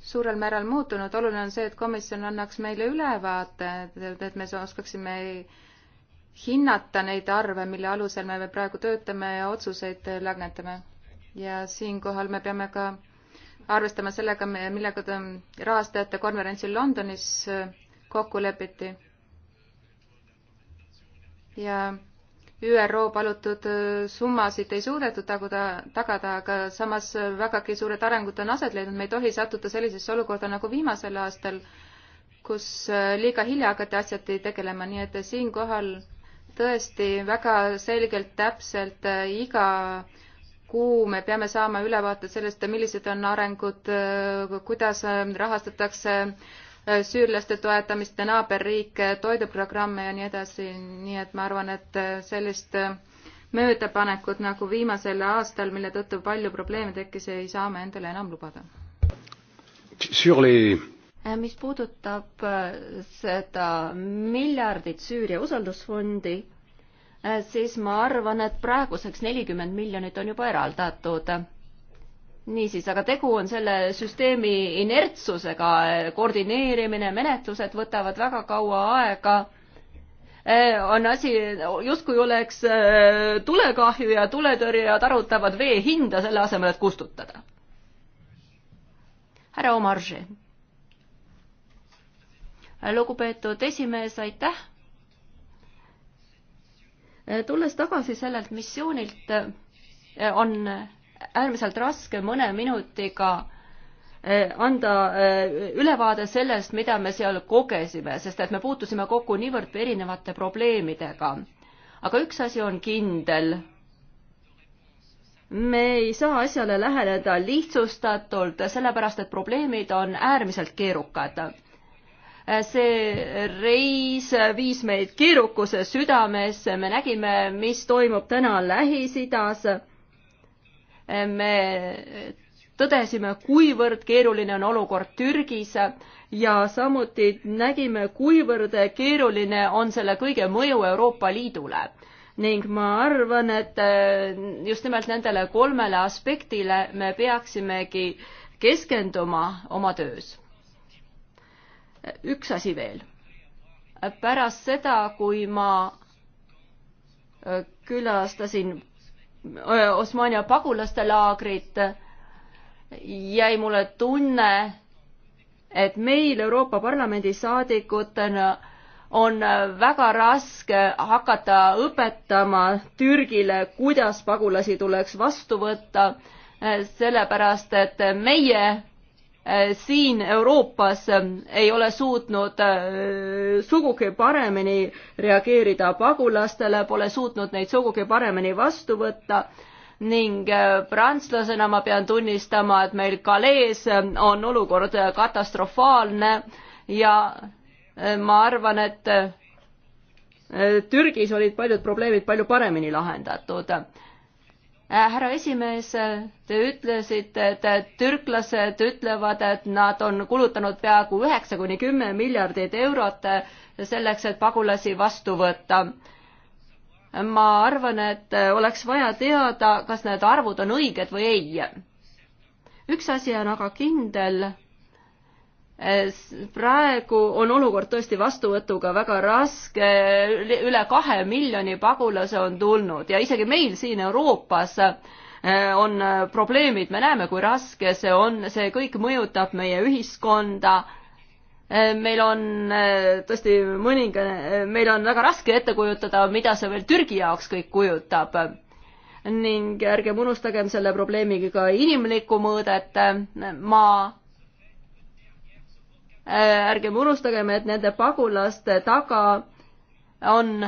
suurel määral muutunud, oluline on see, et komisjon annaks meile ülevaate, et me oskaksime hinnata neid arve, mille alusel me praegu töötame ja otsuseid langetame. ja siinkohal me peame ka arvestama sellega, millega rahastajate konverentsil Londonis äh, kokku lepiti. ja ÜRO palutud äh, summasid ei suudetud taguda, tagada, aga samas äh, vägagi suured arengud on aset leidnud, me ei tohi sattuda sellisesse olukorda nagu viimasel aastal, kus äh, liiga hilja hakati asjati tegelema, nii et siinkohal tõesti väga selgelt, täpselt iga kuu me peame saama ülevaate sellest, millised on arengud, kuidas rahastatakse Äh, süürlaste toetamist, naaberriike, äh, toiduprogramme ja nii edasi, nii et ma arvan, et äh, sellist möödapanekut nagu viimasel aastal, mille tõttu palju probleeme tekkis, ei saa me endale enam lubada. Les... mis puudutab seda miljardit Süüria usaldusfondi, siis ma arvan, et praeguseks nelikümmend miljonit on juba eraldatud niisiis, aga tegu on selle süsteemi inertsusega, koordineerimine, menetlused võtavad väga kaua aega. Äh, on asi, justkui oleks äh, tulekahju ja tuletõrjujad arutavad vee hinda selle asemel, et kustutada. härra Omarži. lugupeetud esimees, aitäh. Äh, tulles tagasi sellelt missioonilt, on äärmiselt raske mõne minutiga eh, anda eh, ülevaade sellest, mida me seal kogesime, sest et me puutusime kokku niivõrd erinevate probleemidega. aga üks asi on kindel. me ei saa asjale läheneda lihtsustatult, sellepärast et probleemid on äärmiselt keerukad eh, see reis viis meid keerukuse südamesse, me nägime, mis toimub täna Lähis-Idas me tõdesime, kuivõrd keeruline on olukord Türgis ja samuti nägime, kuivõrd keeruline on selle kõige mõju Euroopa Liidule. ning ma arvan, et äh, just nimelt nendele kolmele aspektile me peaksimegi keskenduma oma töös. üks asi veel. pärast seda, kui ma äh, külastasin Osmania pagulaste laagrit, jäi mulle tunne, et meil Euroopa Parlamendi saadikutena on väga raske hakata õpetama Türgile, kuidas pagulasi tuleks vastu võtta, sellepärast et meie Äh, siin Euroopas ähm, ei ole suutnud äh, sugugi paremini reageerida pagulastele, pole suutnud neid sugugi paremini vastu võtta ning äh, prantslasena ma pean tunnistama, et meil Calais ähm, on olukord katastrofaalne ja ma arvan, et Türgis olid paljud probleemid palju paremini lahendatud Äh, härra esimees, te ütlesite, et türklased ütlevad, et nad on kulutanud peaaegu üheksa kuni kümme miljardit eurot selleks, et pagulasi vastu võtta. ma arvan, et oleks vaja teada, kas need arvud on õiged või ei. üks asi on aga kindel praegu on olukord tõesti vastuvõtuga väga raske, üle kahe miljoni pagulase on tulnud ja isegi meil siin Euroopas eh, on eh, probleemid, me näeme, kui raske see on, see kõik mõjutab meie ühiskonda. Eh, meil on tõesti mõningane, meil on väga raske ette kujutada, mida see veel Türgi jaoks kõik kujutab ning ärgem unustagem selle probleemiga ka inimlikku mõõdet. ma Äh, ärgem unustagem, et nende pagulaste taga on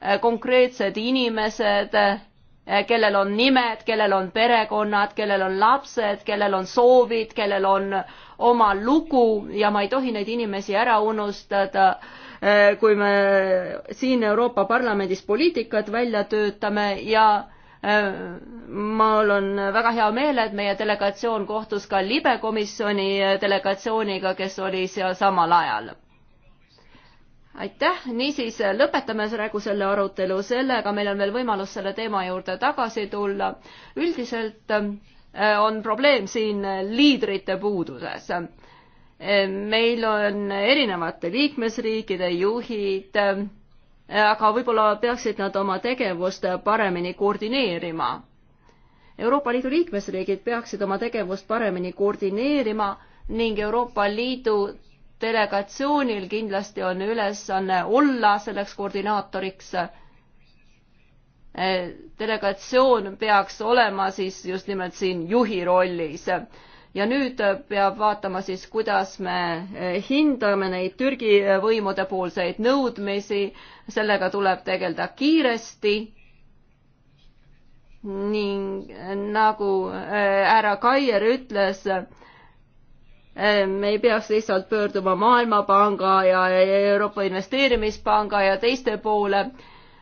äh, konkreetsed inimesed, äh, kellel on nimed, kellel on perekonnad, kellel on lapsed, kellel on soovid, kellel on oma lugu ja ma ei tohi neid inimesi ära unustada, kui me siin Euroopa Parlamendis poliitikat välja töötame ja Äh, mul on väga hea meel, et meie delegatsioon kohtus ka libe komisjoni delegatsiooniga, kes oli seal samal ajal. aitäh, niisiis lõpetame praegu selle arutelu sellega, meil on veel võimalus selle teema juurde tagasi tulla. üldiselt äh, on probleem siin liidrite puuduses äh, meil on erinevate liikmesriikide juhid aga võib-olla peaksid nad oma tegevust paremini koordineerima. Euroopa Liidu liikmesriigid peaksid oma tegevust paremini koordineerima ning Euroopa Liidu delegatsioonil kindlasti on ülesanne olla selleks koordinaatoriks. E, delegatsioon peaks olema siis just nimelt siin juhi rollis ja nüüd peab vaatama siis, kuidas me hindame neid Türgi võimude poolseid nõudmisi sellega tuleb tegeleda kiiresti ning nagu äh, härra Kaier ütles, äh, me ei peaks lihtsalt pöörduma Maailmapanga ja Euroopa Investeerimispanga ja teiste poole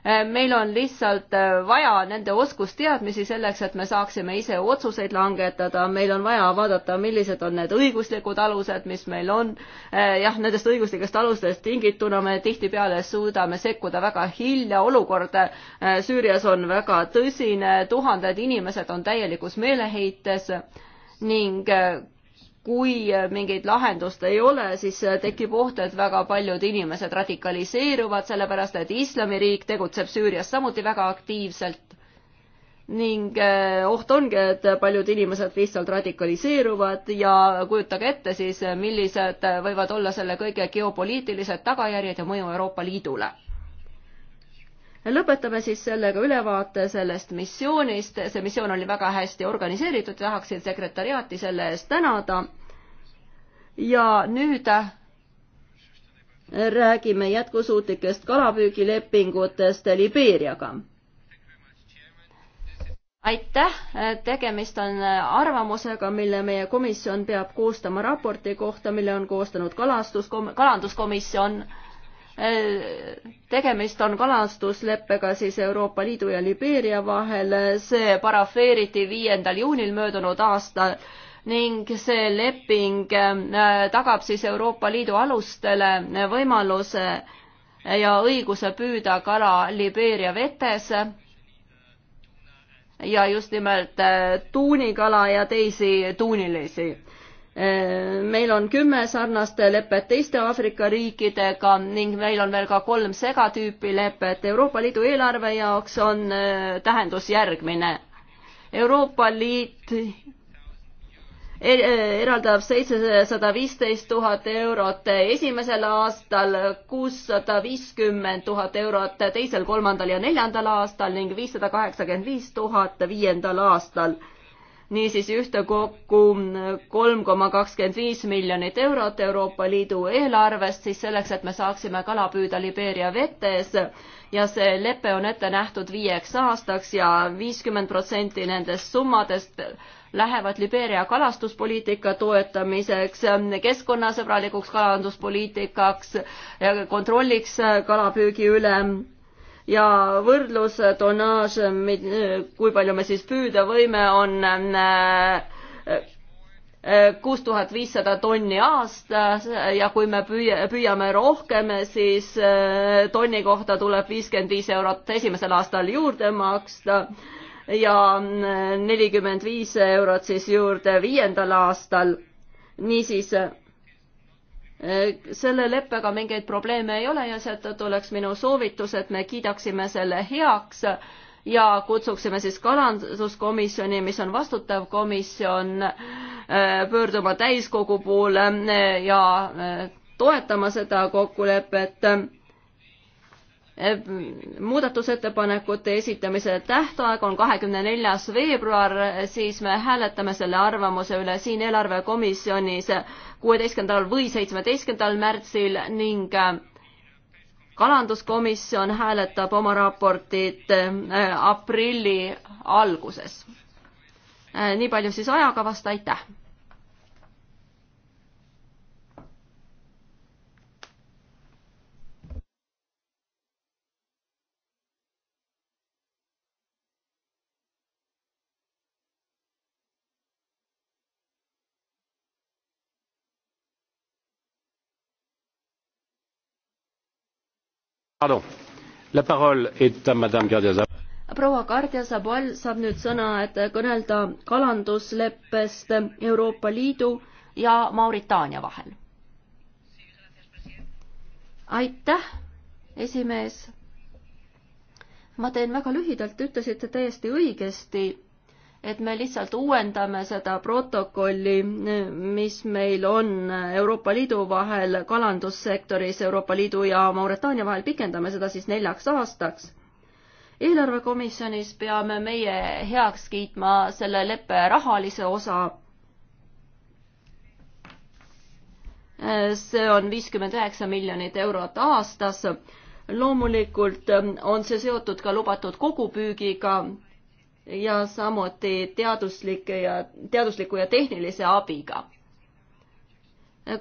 Äh, meil on lihtsalt äh, vaja nende oskusteadmisi selleks, et me saaksime ise otsuseid langetada, meil on vaja vaadata, millised on need õiguslikud alused, mis meil on. Äh, jah, nendest õiguslikest alustest tingituna me tihtipeale suudame sekkuda väga hilja, olukord Süürias on väga tõsine, tuhanded inimesed on täielikus meeleheites ning kui äh, mingit lahendust ei ole, siis äh, tekib oht, et väga paljud inimesed radikaliseeruvad, sellepärast et islamiriik tegutseb Süürias samuti väga aktiivselt. ning äh, oht ongi, et paljud inimesed lihtsalt radikaliseeruvad ja kujutage ette siis, millised võivad olla selle kõige geopoliitilised tagajärjed ja mõju Euroopa Liidule lõpetame siis sellega ülevaate sellest missioonist, see missioon oli väga hästi organiseeritud, tahaksin sekretariaati selle eest tänada. ja nüüd räägime jätkusuutlikest kalapüügilepingutest Libeeriaga. aitäh, tegemist on arvamusega, mille meie komisjon peab koostama raporti kohta, mille on koostanud kalastus, kalanduskomisjon Äh, tegemist on kalastusleppega siis Euroopa Liidu ja Libeeria vahel, see parafeeriti viiendal juunil möödunud aastal ning see leping äh, tagab siis Euroopa Liidu alustele võimaluse ja õiguse püüda kala Libeeria vetes ja just nimelt äh, tuunikala ja teisi tuunilisi meil on kümme sarnast lepet teiste Aafrika riikidega ning meil on veel ka kolm segatüüpi lepet. Euroopa Liidu eelarve jaoks on äh, tähendus järgmine. Euroopa Liit e-, e-, eraldab seitsesada viisteist tuhat eurot esimesel aastal, kuussada viiskümmend tuhat eurot teisel, kolmandal ja neljandal aastal ning viissada kaheksakümmend viis tuhat viiendal aastal niisiis ühtekokku kolm koma kakskümmend viis miljonit eurot Euroopa Liidu eelarvest siis selleks, et me saaksime kala püüda Libeeria vetes ja see lepe on ette nähtud viieks aastaks ja viiskümmend protsenti nendest summadest lähevad Libeeria kalastuspoliitika toetamiseks, keskkonnasõbralikuks kalanduspoliitikaks, kontrolliks kalapüügi üle ja võrdlus tonnaaž, kui palju me siis püüda võime, on äh, kuus tuhat viissada tonni aastas ja kui me püüa, püüame rohkem, siis äh, tonni kohta tuleb viiskümmend viis eurot esimesel aastal juurde maksta ja äh, nelikümmend viis eurot siis juurde viiendal aastal. niisiis Äh, selle leppega mingeid probleeme ei ole ja seetõttu oleks minu soovitus, et me kiidaksime selle heaks ja kutsuksime siis kalanduskomisjoni, mis on vastutav komisjon, äh, pöörduma täiskogu poole äh, ja toetama seda kokkulepet Ehm, muudatusettepanekute esitamise tähtaeg on kahekümne neljas veebruar, siis me hääletame selle arvamuse üle siin eelarvekomisjonis kuueteistkümnendal või seitsmeteistkümnendal märtsil ning ehm, kalanduskomisjon hääletab oma raportit ehm, aprilli alguses. nii palju siis ajakavast, aitäh! proua Kardja Sabal saab nüüd sõna, et kõnelda kalandusleppest Euroopa Liidu ja Mauritaania vahel. aitäh, esimees. ma teen väga lühidalt, ütlesite täiesti õigesti et me lihtsalt uuendame seda protokolli, mis meil on Euroopa Liidu vahel kalandussektoris, Euroopa Liidu ja Mauritaania vahel, pikendame seda siis neljaks aastaks. eelarvekomisjonis peame meie heaks kiitma selle leppe rahalise osa. see on viiskümmend üheksa miljonit eurot aastas. loomulikult on see seotud ka lubatud kogupüügiga ja samuti teaduslike ja, teadusliku ja tehnilise abiga.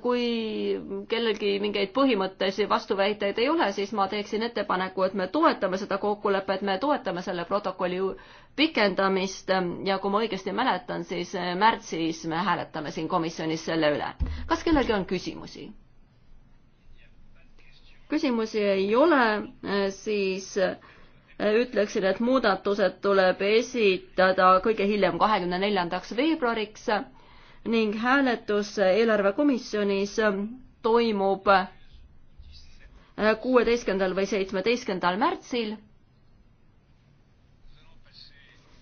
kui kellelgi mingeid põhimõttelisi vastuväiteid ei ole, siis ma teeksin ettepaneku, et me toetame seda kokkulepet, me toetame selle protokolli pikendamist ja kui ma õigesti mäletan, siis märtsis me hääletame siin komisjonis selle üle. kas kellelgi on küsimusi? küsimusi ei ole, siis ütleksin, et muudatused tuleb esitada kõige hiljem kahekümne neljandaks veebruariks ning hääletus eelarvekomisjonis toimub kuueteistkümnendal või seitsmeteistkümnendal märtsil.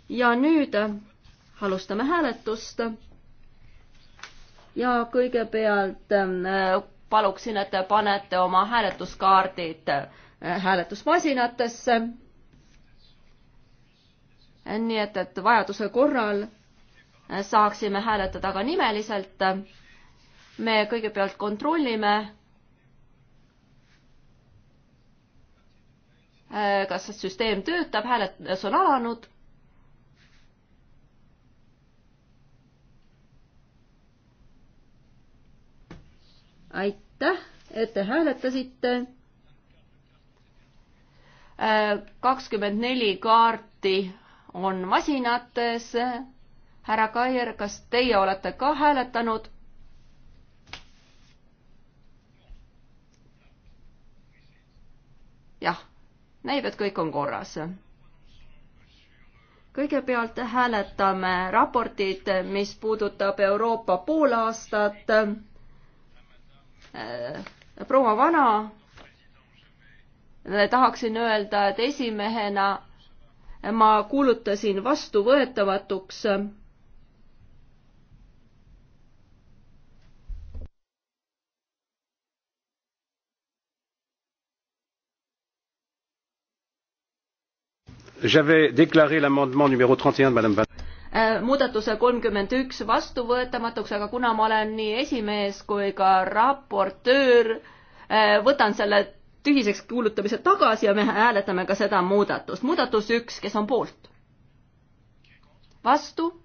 ja nüüd alustame hääletust. ja kõigepealt äh, paluksin, et te panete oma hääletuskaardid äh, hääletusmasinatesse nii et, et vajaduse korral saaksime hääletada ka nimeliselt. me kõigepealt kontrollime, kas süsteem töötab, hääletus on alanud. aitäh, et te hääletasite kakskümmend neli kaarti on masinates. härra Kaier, kas teie olete ka hääletanud? jah, näib, et kõik on korras. kõigepealt hääletame raportit, mis puudutab Euroopa poolaastat. proua Vana, tahaksin öelda, et esimehena ma kuulutasin vastuvõetamatuks j'avais déclaré l'amendement numéro 31 de Madame Van äh, muudatuse kolmkümmend üks vastuvõetamatuks, aga kuna ma olen nii esimees kui ka raportöör, äh, võtan selle tühiseks kuulutamise tagasi ja me hääletame ka seda muudatust. muudatus üks, kes on poolt? vastu?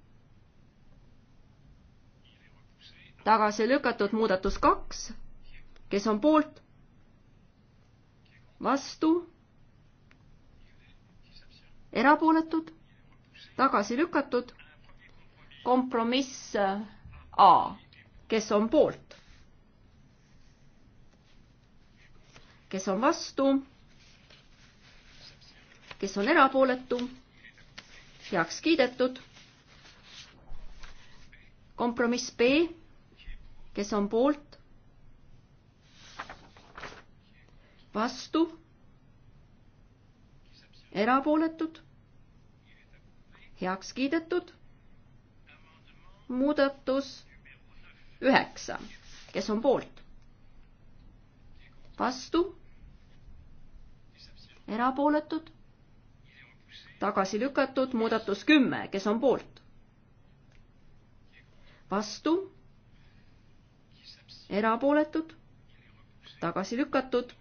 tagasi lükatud muudatus kaks, kes on poolt? vastu? erapooletud? tagasi lükatud? kompromiss A, kes on poolt? kes on vastu, kes on erapooletu, heaks kiidetud. kompromiss B, kes on poolt, vastu, erapooletud, heaks kiidetud. muudatus üheksa, kes on poolt, vastu erapooletud, tagasi lükatud, muudatus kümme, kes on poolt? vastu, erapooletud, tagasi lükatud,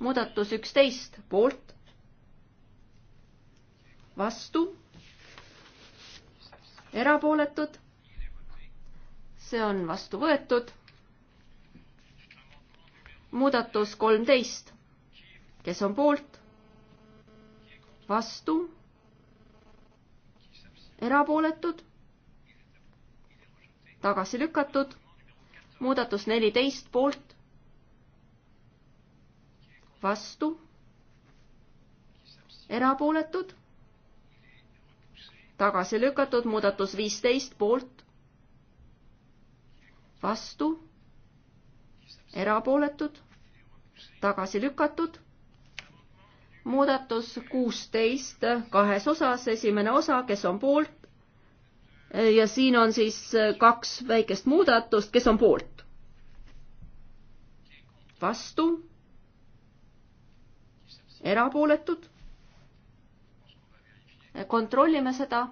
muudatus üksteist, poolt, vastu, erapooletud, see on vastu võetud muudatus kolmteist, kes on poolt? vastu, erapooletud, tagasi lükatud, muudatus neliteist poolt, vastu, erapooletud, tagasi lükatud, muudatus viisteist poolt, vastu, erapooletud, tagasi lükatud, muudatus kuusteist kahes osas, esimene osa, kes on poolt. ja siin on siis kaks väikest muudatust, kes on poolt? vastu? erapooletud? kontrollime seda.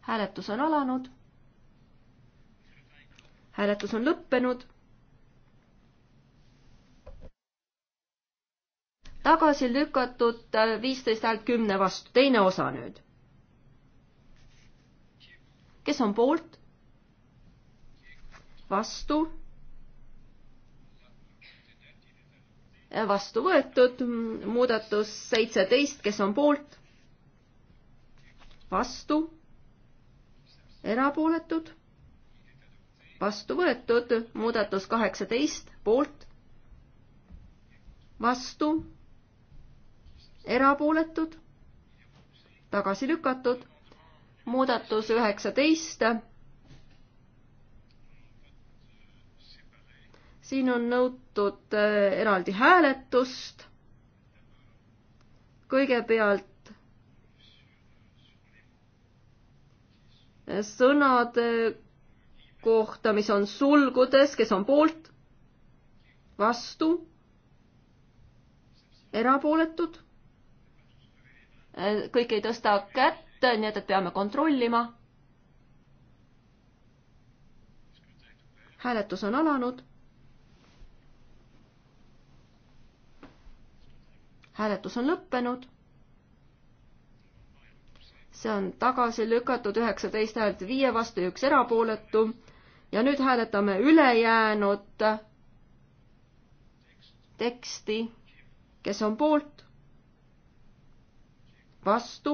hääletus on alanud. hääletus on lõppenud tagasi lükatud äh, viisteist häält kümne vastu, teine osa nüüd. kes on poolt? vastu? Äh, vastu võetud, muudatus seitseteist, kes on poolt? vastu? erapooletud? vastu võetud, muudatus kaheksateist, poolt? vastu? erapooletud, tagasi lükatud, muudatus üheksateist. siin on nõutud äh, eraldi hääletust. kõigepealt äh, sõnade äh, kohta, mis on sulgudes, kes on poolt, vastu, erapooletud, kõik ei tõsta kätt, nii et, et peame kontrollima. hääletus on alanud. hääletus on lõppenud. see on tagasi lükatud üheksateist häält viie vastu ja üks erapooletu ja nüüd hääletame ülejäänud teksti, kes on poolt, vastu,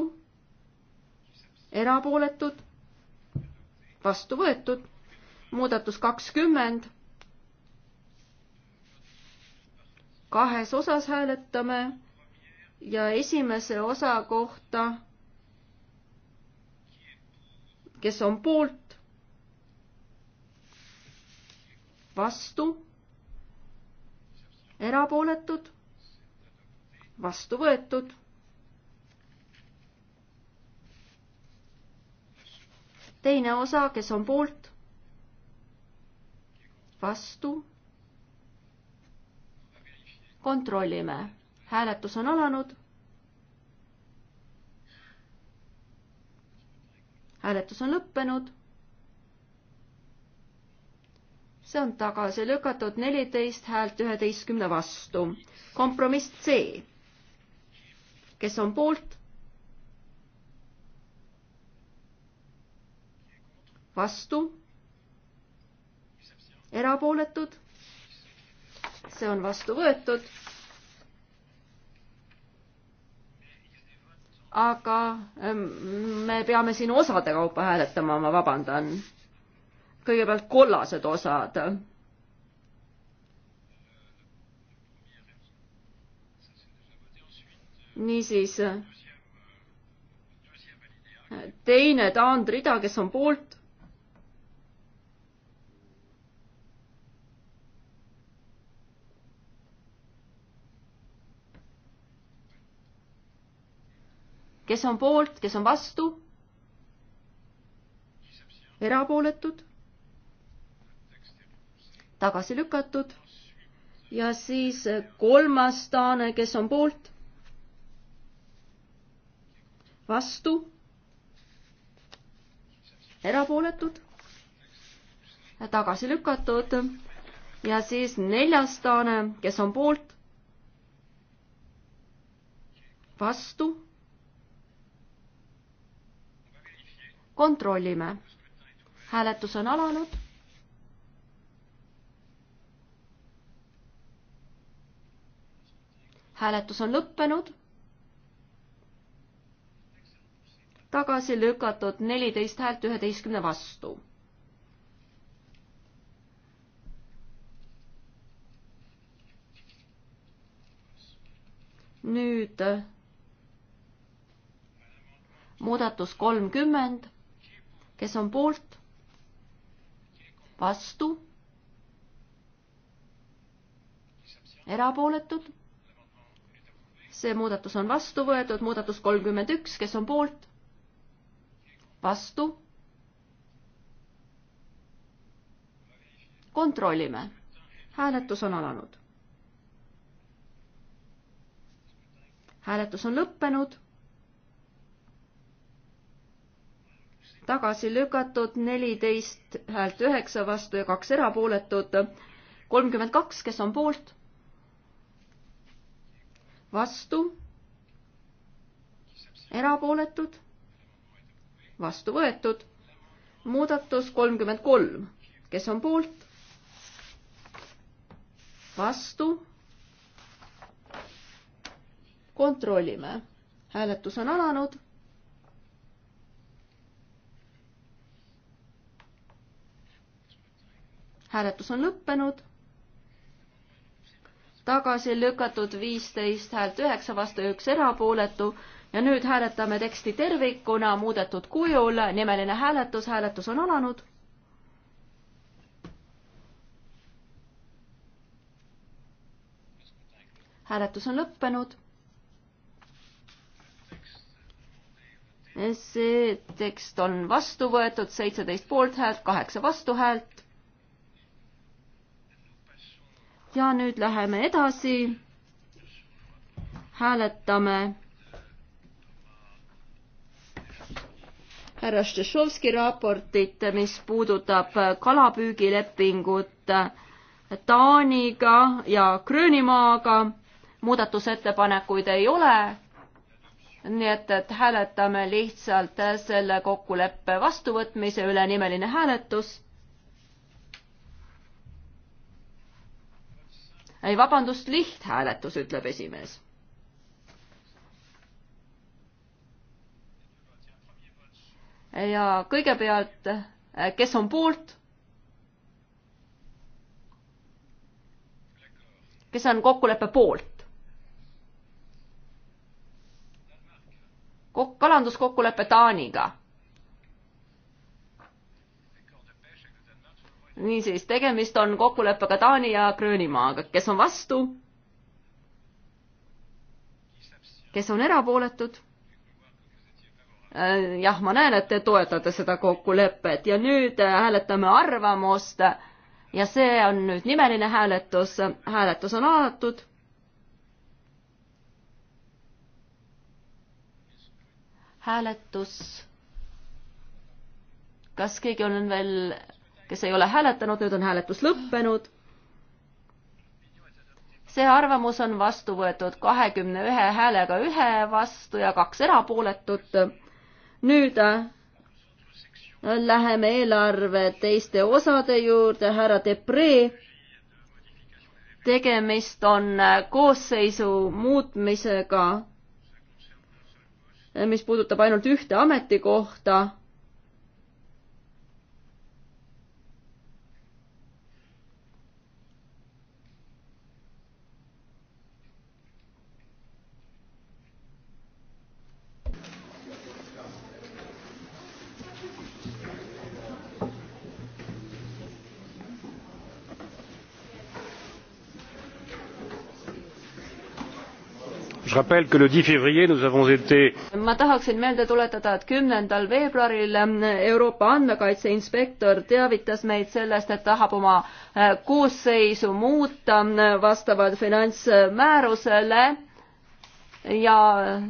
erapooletud, vastu võetud, muudatus kakskümmend. kahes osas hääletame ja esimese osa kohta, kes on poolt, vastu, erapooletud, vastu võetud teine osa, kes on poolt, vastu. kontrollime, hääletus on alanud. hääletus on lõppenud. see on tagasi lükatud neliteist häält üheteistkümne vastu. kompromiss C, kes on poolt vastu, erapooletud, see on vastu võetud. aga ähm, me peame siin osade kaupa hääletama, ma vabandan. kõigepealt kollased osad niisiis teine taandrida, kes on poolt, kes on poolt, kes on vastu? erapooletud? tagasi lükatud? ja siis eh, kolmas taane, kes on poolt? vastu? erapooletud? tagasi lükatud ja siis neljas taane, kes on poolt? vastu? kontrollime. hääletus on alanud. hääletus on lõppenud. tagasi lükatud neliteist häält üheteistkümne vastu nüüd muudatus kolmkümmend kes on poolt? vastu? erapooletud? see muudatus on vastu võetud, muudatus kolmkümmend üks, kes on poolt? vastu? kontrollime. hääletus on alanud. hääletus on lõppenud tagasi lükatud, neliteist häält üheksa vastu ja kaks erapooletut. kolmkümmend kaks, kes on poolt? vastu? erapooletud? vastu võetud. muudatus kolmkümmend kolm, kes on poolt? vastu? kontrollime. hääletus on alanud hääletus on lõppenud. tagasi lükatud viisteist häält üheksa vastu üks erapooletu ja nüüd hääletame teksti tervikuna muudetud kujul. nimeline hääletus, hääletus on alanud. hääletus on lõppenud. see tekst on vastu võetud, seitseteist poolthäält, kaheksa vastuhäält. ja nüüd läheme edasi. hääletame härra Štešovski raportit, mis puudutab kalapüügilepingut Taaniga ja Gröönimaaga. muudatusettepanekuid ei ole. nii et, et hääletame lihtsalt selle kokkuleppe vastuvõtmise üle nimeline hääletus ei, vabandust, lihthääletus, ütleb esimees. ja kõigepealt, eh, kes on poolt? kes on kokkuleppe poolt? kalanduskokkulepe Taaniga niisiis, tegemist on kokkuleppega Taani ja Gröönimaaga, kes on vastu? kes on erapooletud? Äh, jah, ma näen, et te toetate seda kokkulepet ja nüüd äh, hääletame arvamust ja see on nüüd nimeline hääletus, hääletus on avatud. hääletus. kas keegi on veel kes ei ole hääletanud, nüüd on hääletus lõppenud. see arvamus on vastu võetud kahekümne ühe häälega ühe vastu ja kaks erapooletut. nüüd äh, läheme eelarve teiste osade juurde, härra Depree tegemist on äh, koosseisu muutmisega, äh, mis puudutab ainult ühte ametikohta. ma tahaksin meelde tuletada, et kümnendal veebruaril ähm, Euroopa andmekaitse inspektor teavitas meid sellest, et tahab oma äh, koosseisu muuta ähm, vastavalt finantsmäärusele ja äh,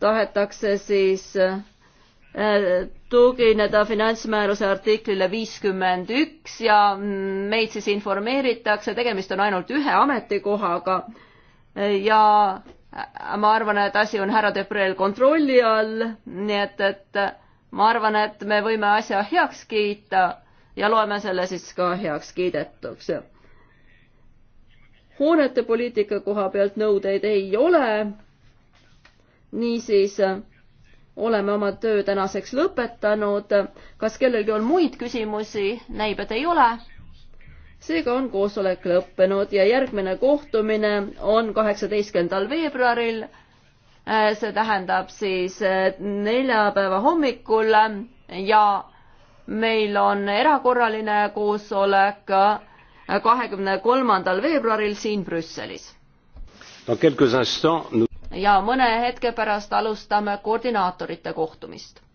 tahetakse siis äh, tugineda finantsmääruse artiklile viiskümmend üks ja mm, meid siis informeeritakse, tegemist on ainult ühe ametikohaga ja Äh, ma arvan, et asi on härra Debrel kontrolli all, nii et, et äh, ma arvan, et me võime asja heaks kiita ja loeme selle siis ka heaks kiidetuks. hoonete poliitika koha pealt nõudeid ei ole. niisiis äh, oleme oma töö tänaseks lõpetanud. kas kellelgi on muid küsimusi? näib, et ei ole seega on koosolek lõppenud ja järgmine kohtumine on kaheksateistkümnendal veebruaril. Äh, see tähendab siis äh, neljapäeva hommikul ja meil on erakorraline koosolek äh, kahekümne kolmandal veebruaril siin Brüsselis. ja mõne hetke pärast alustame koordinaatorite kohtumist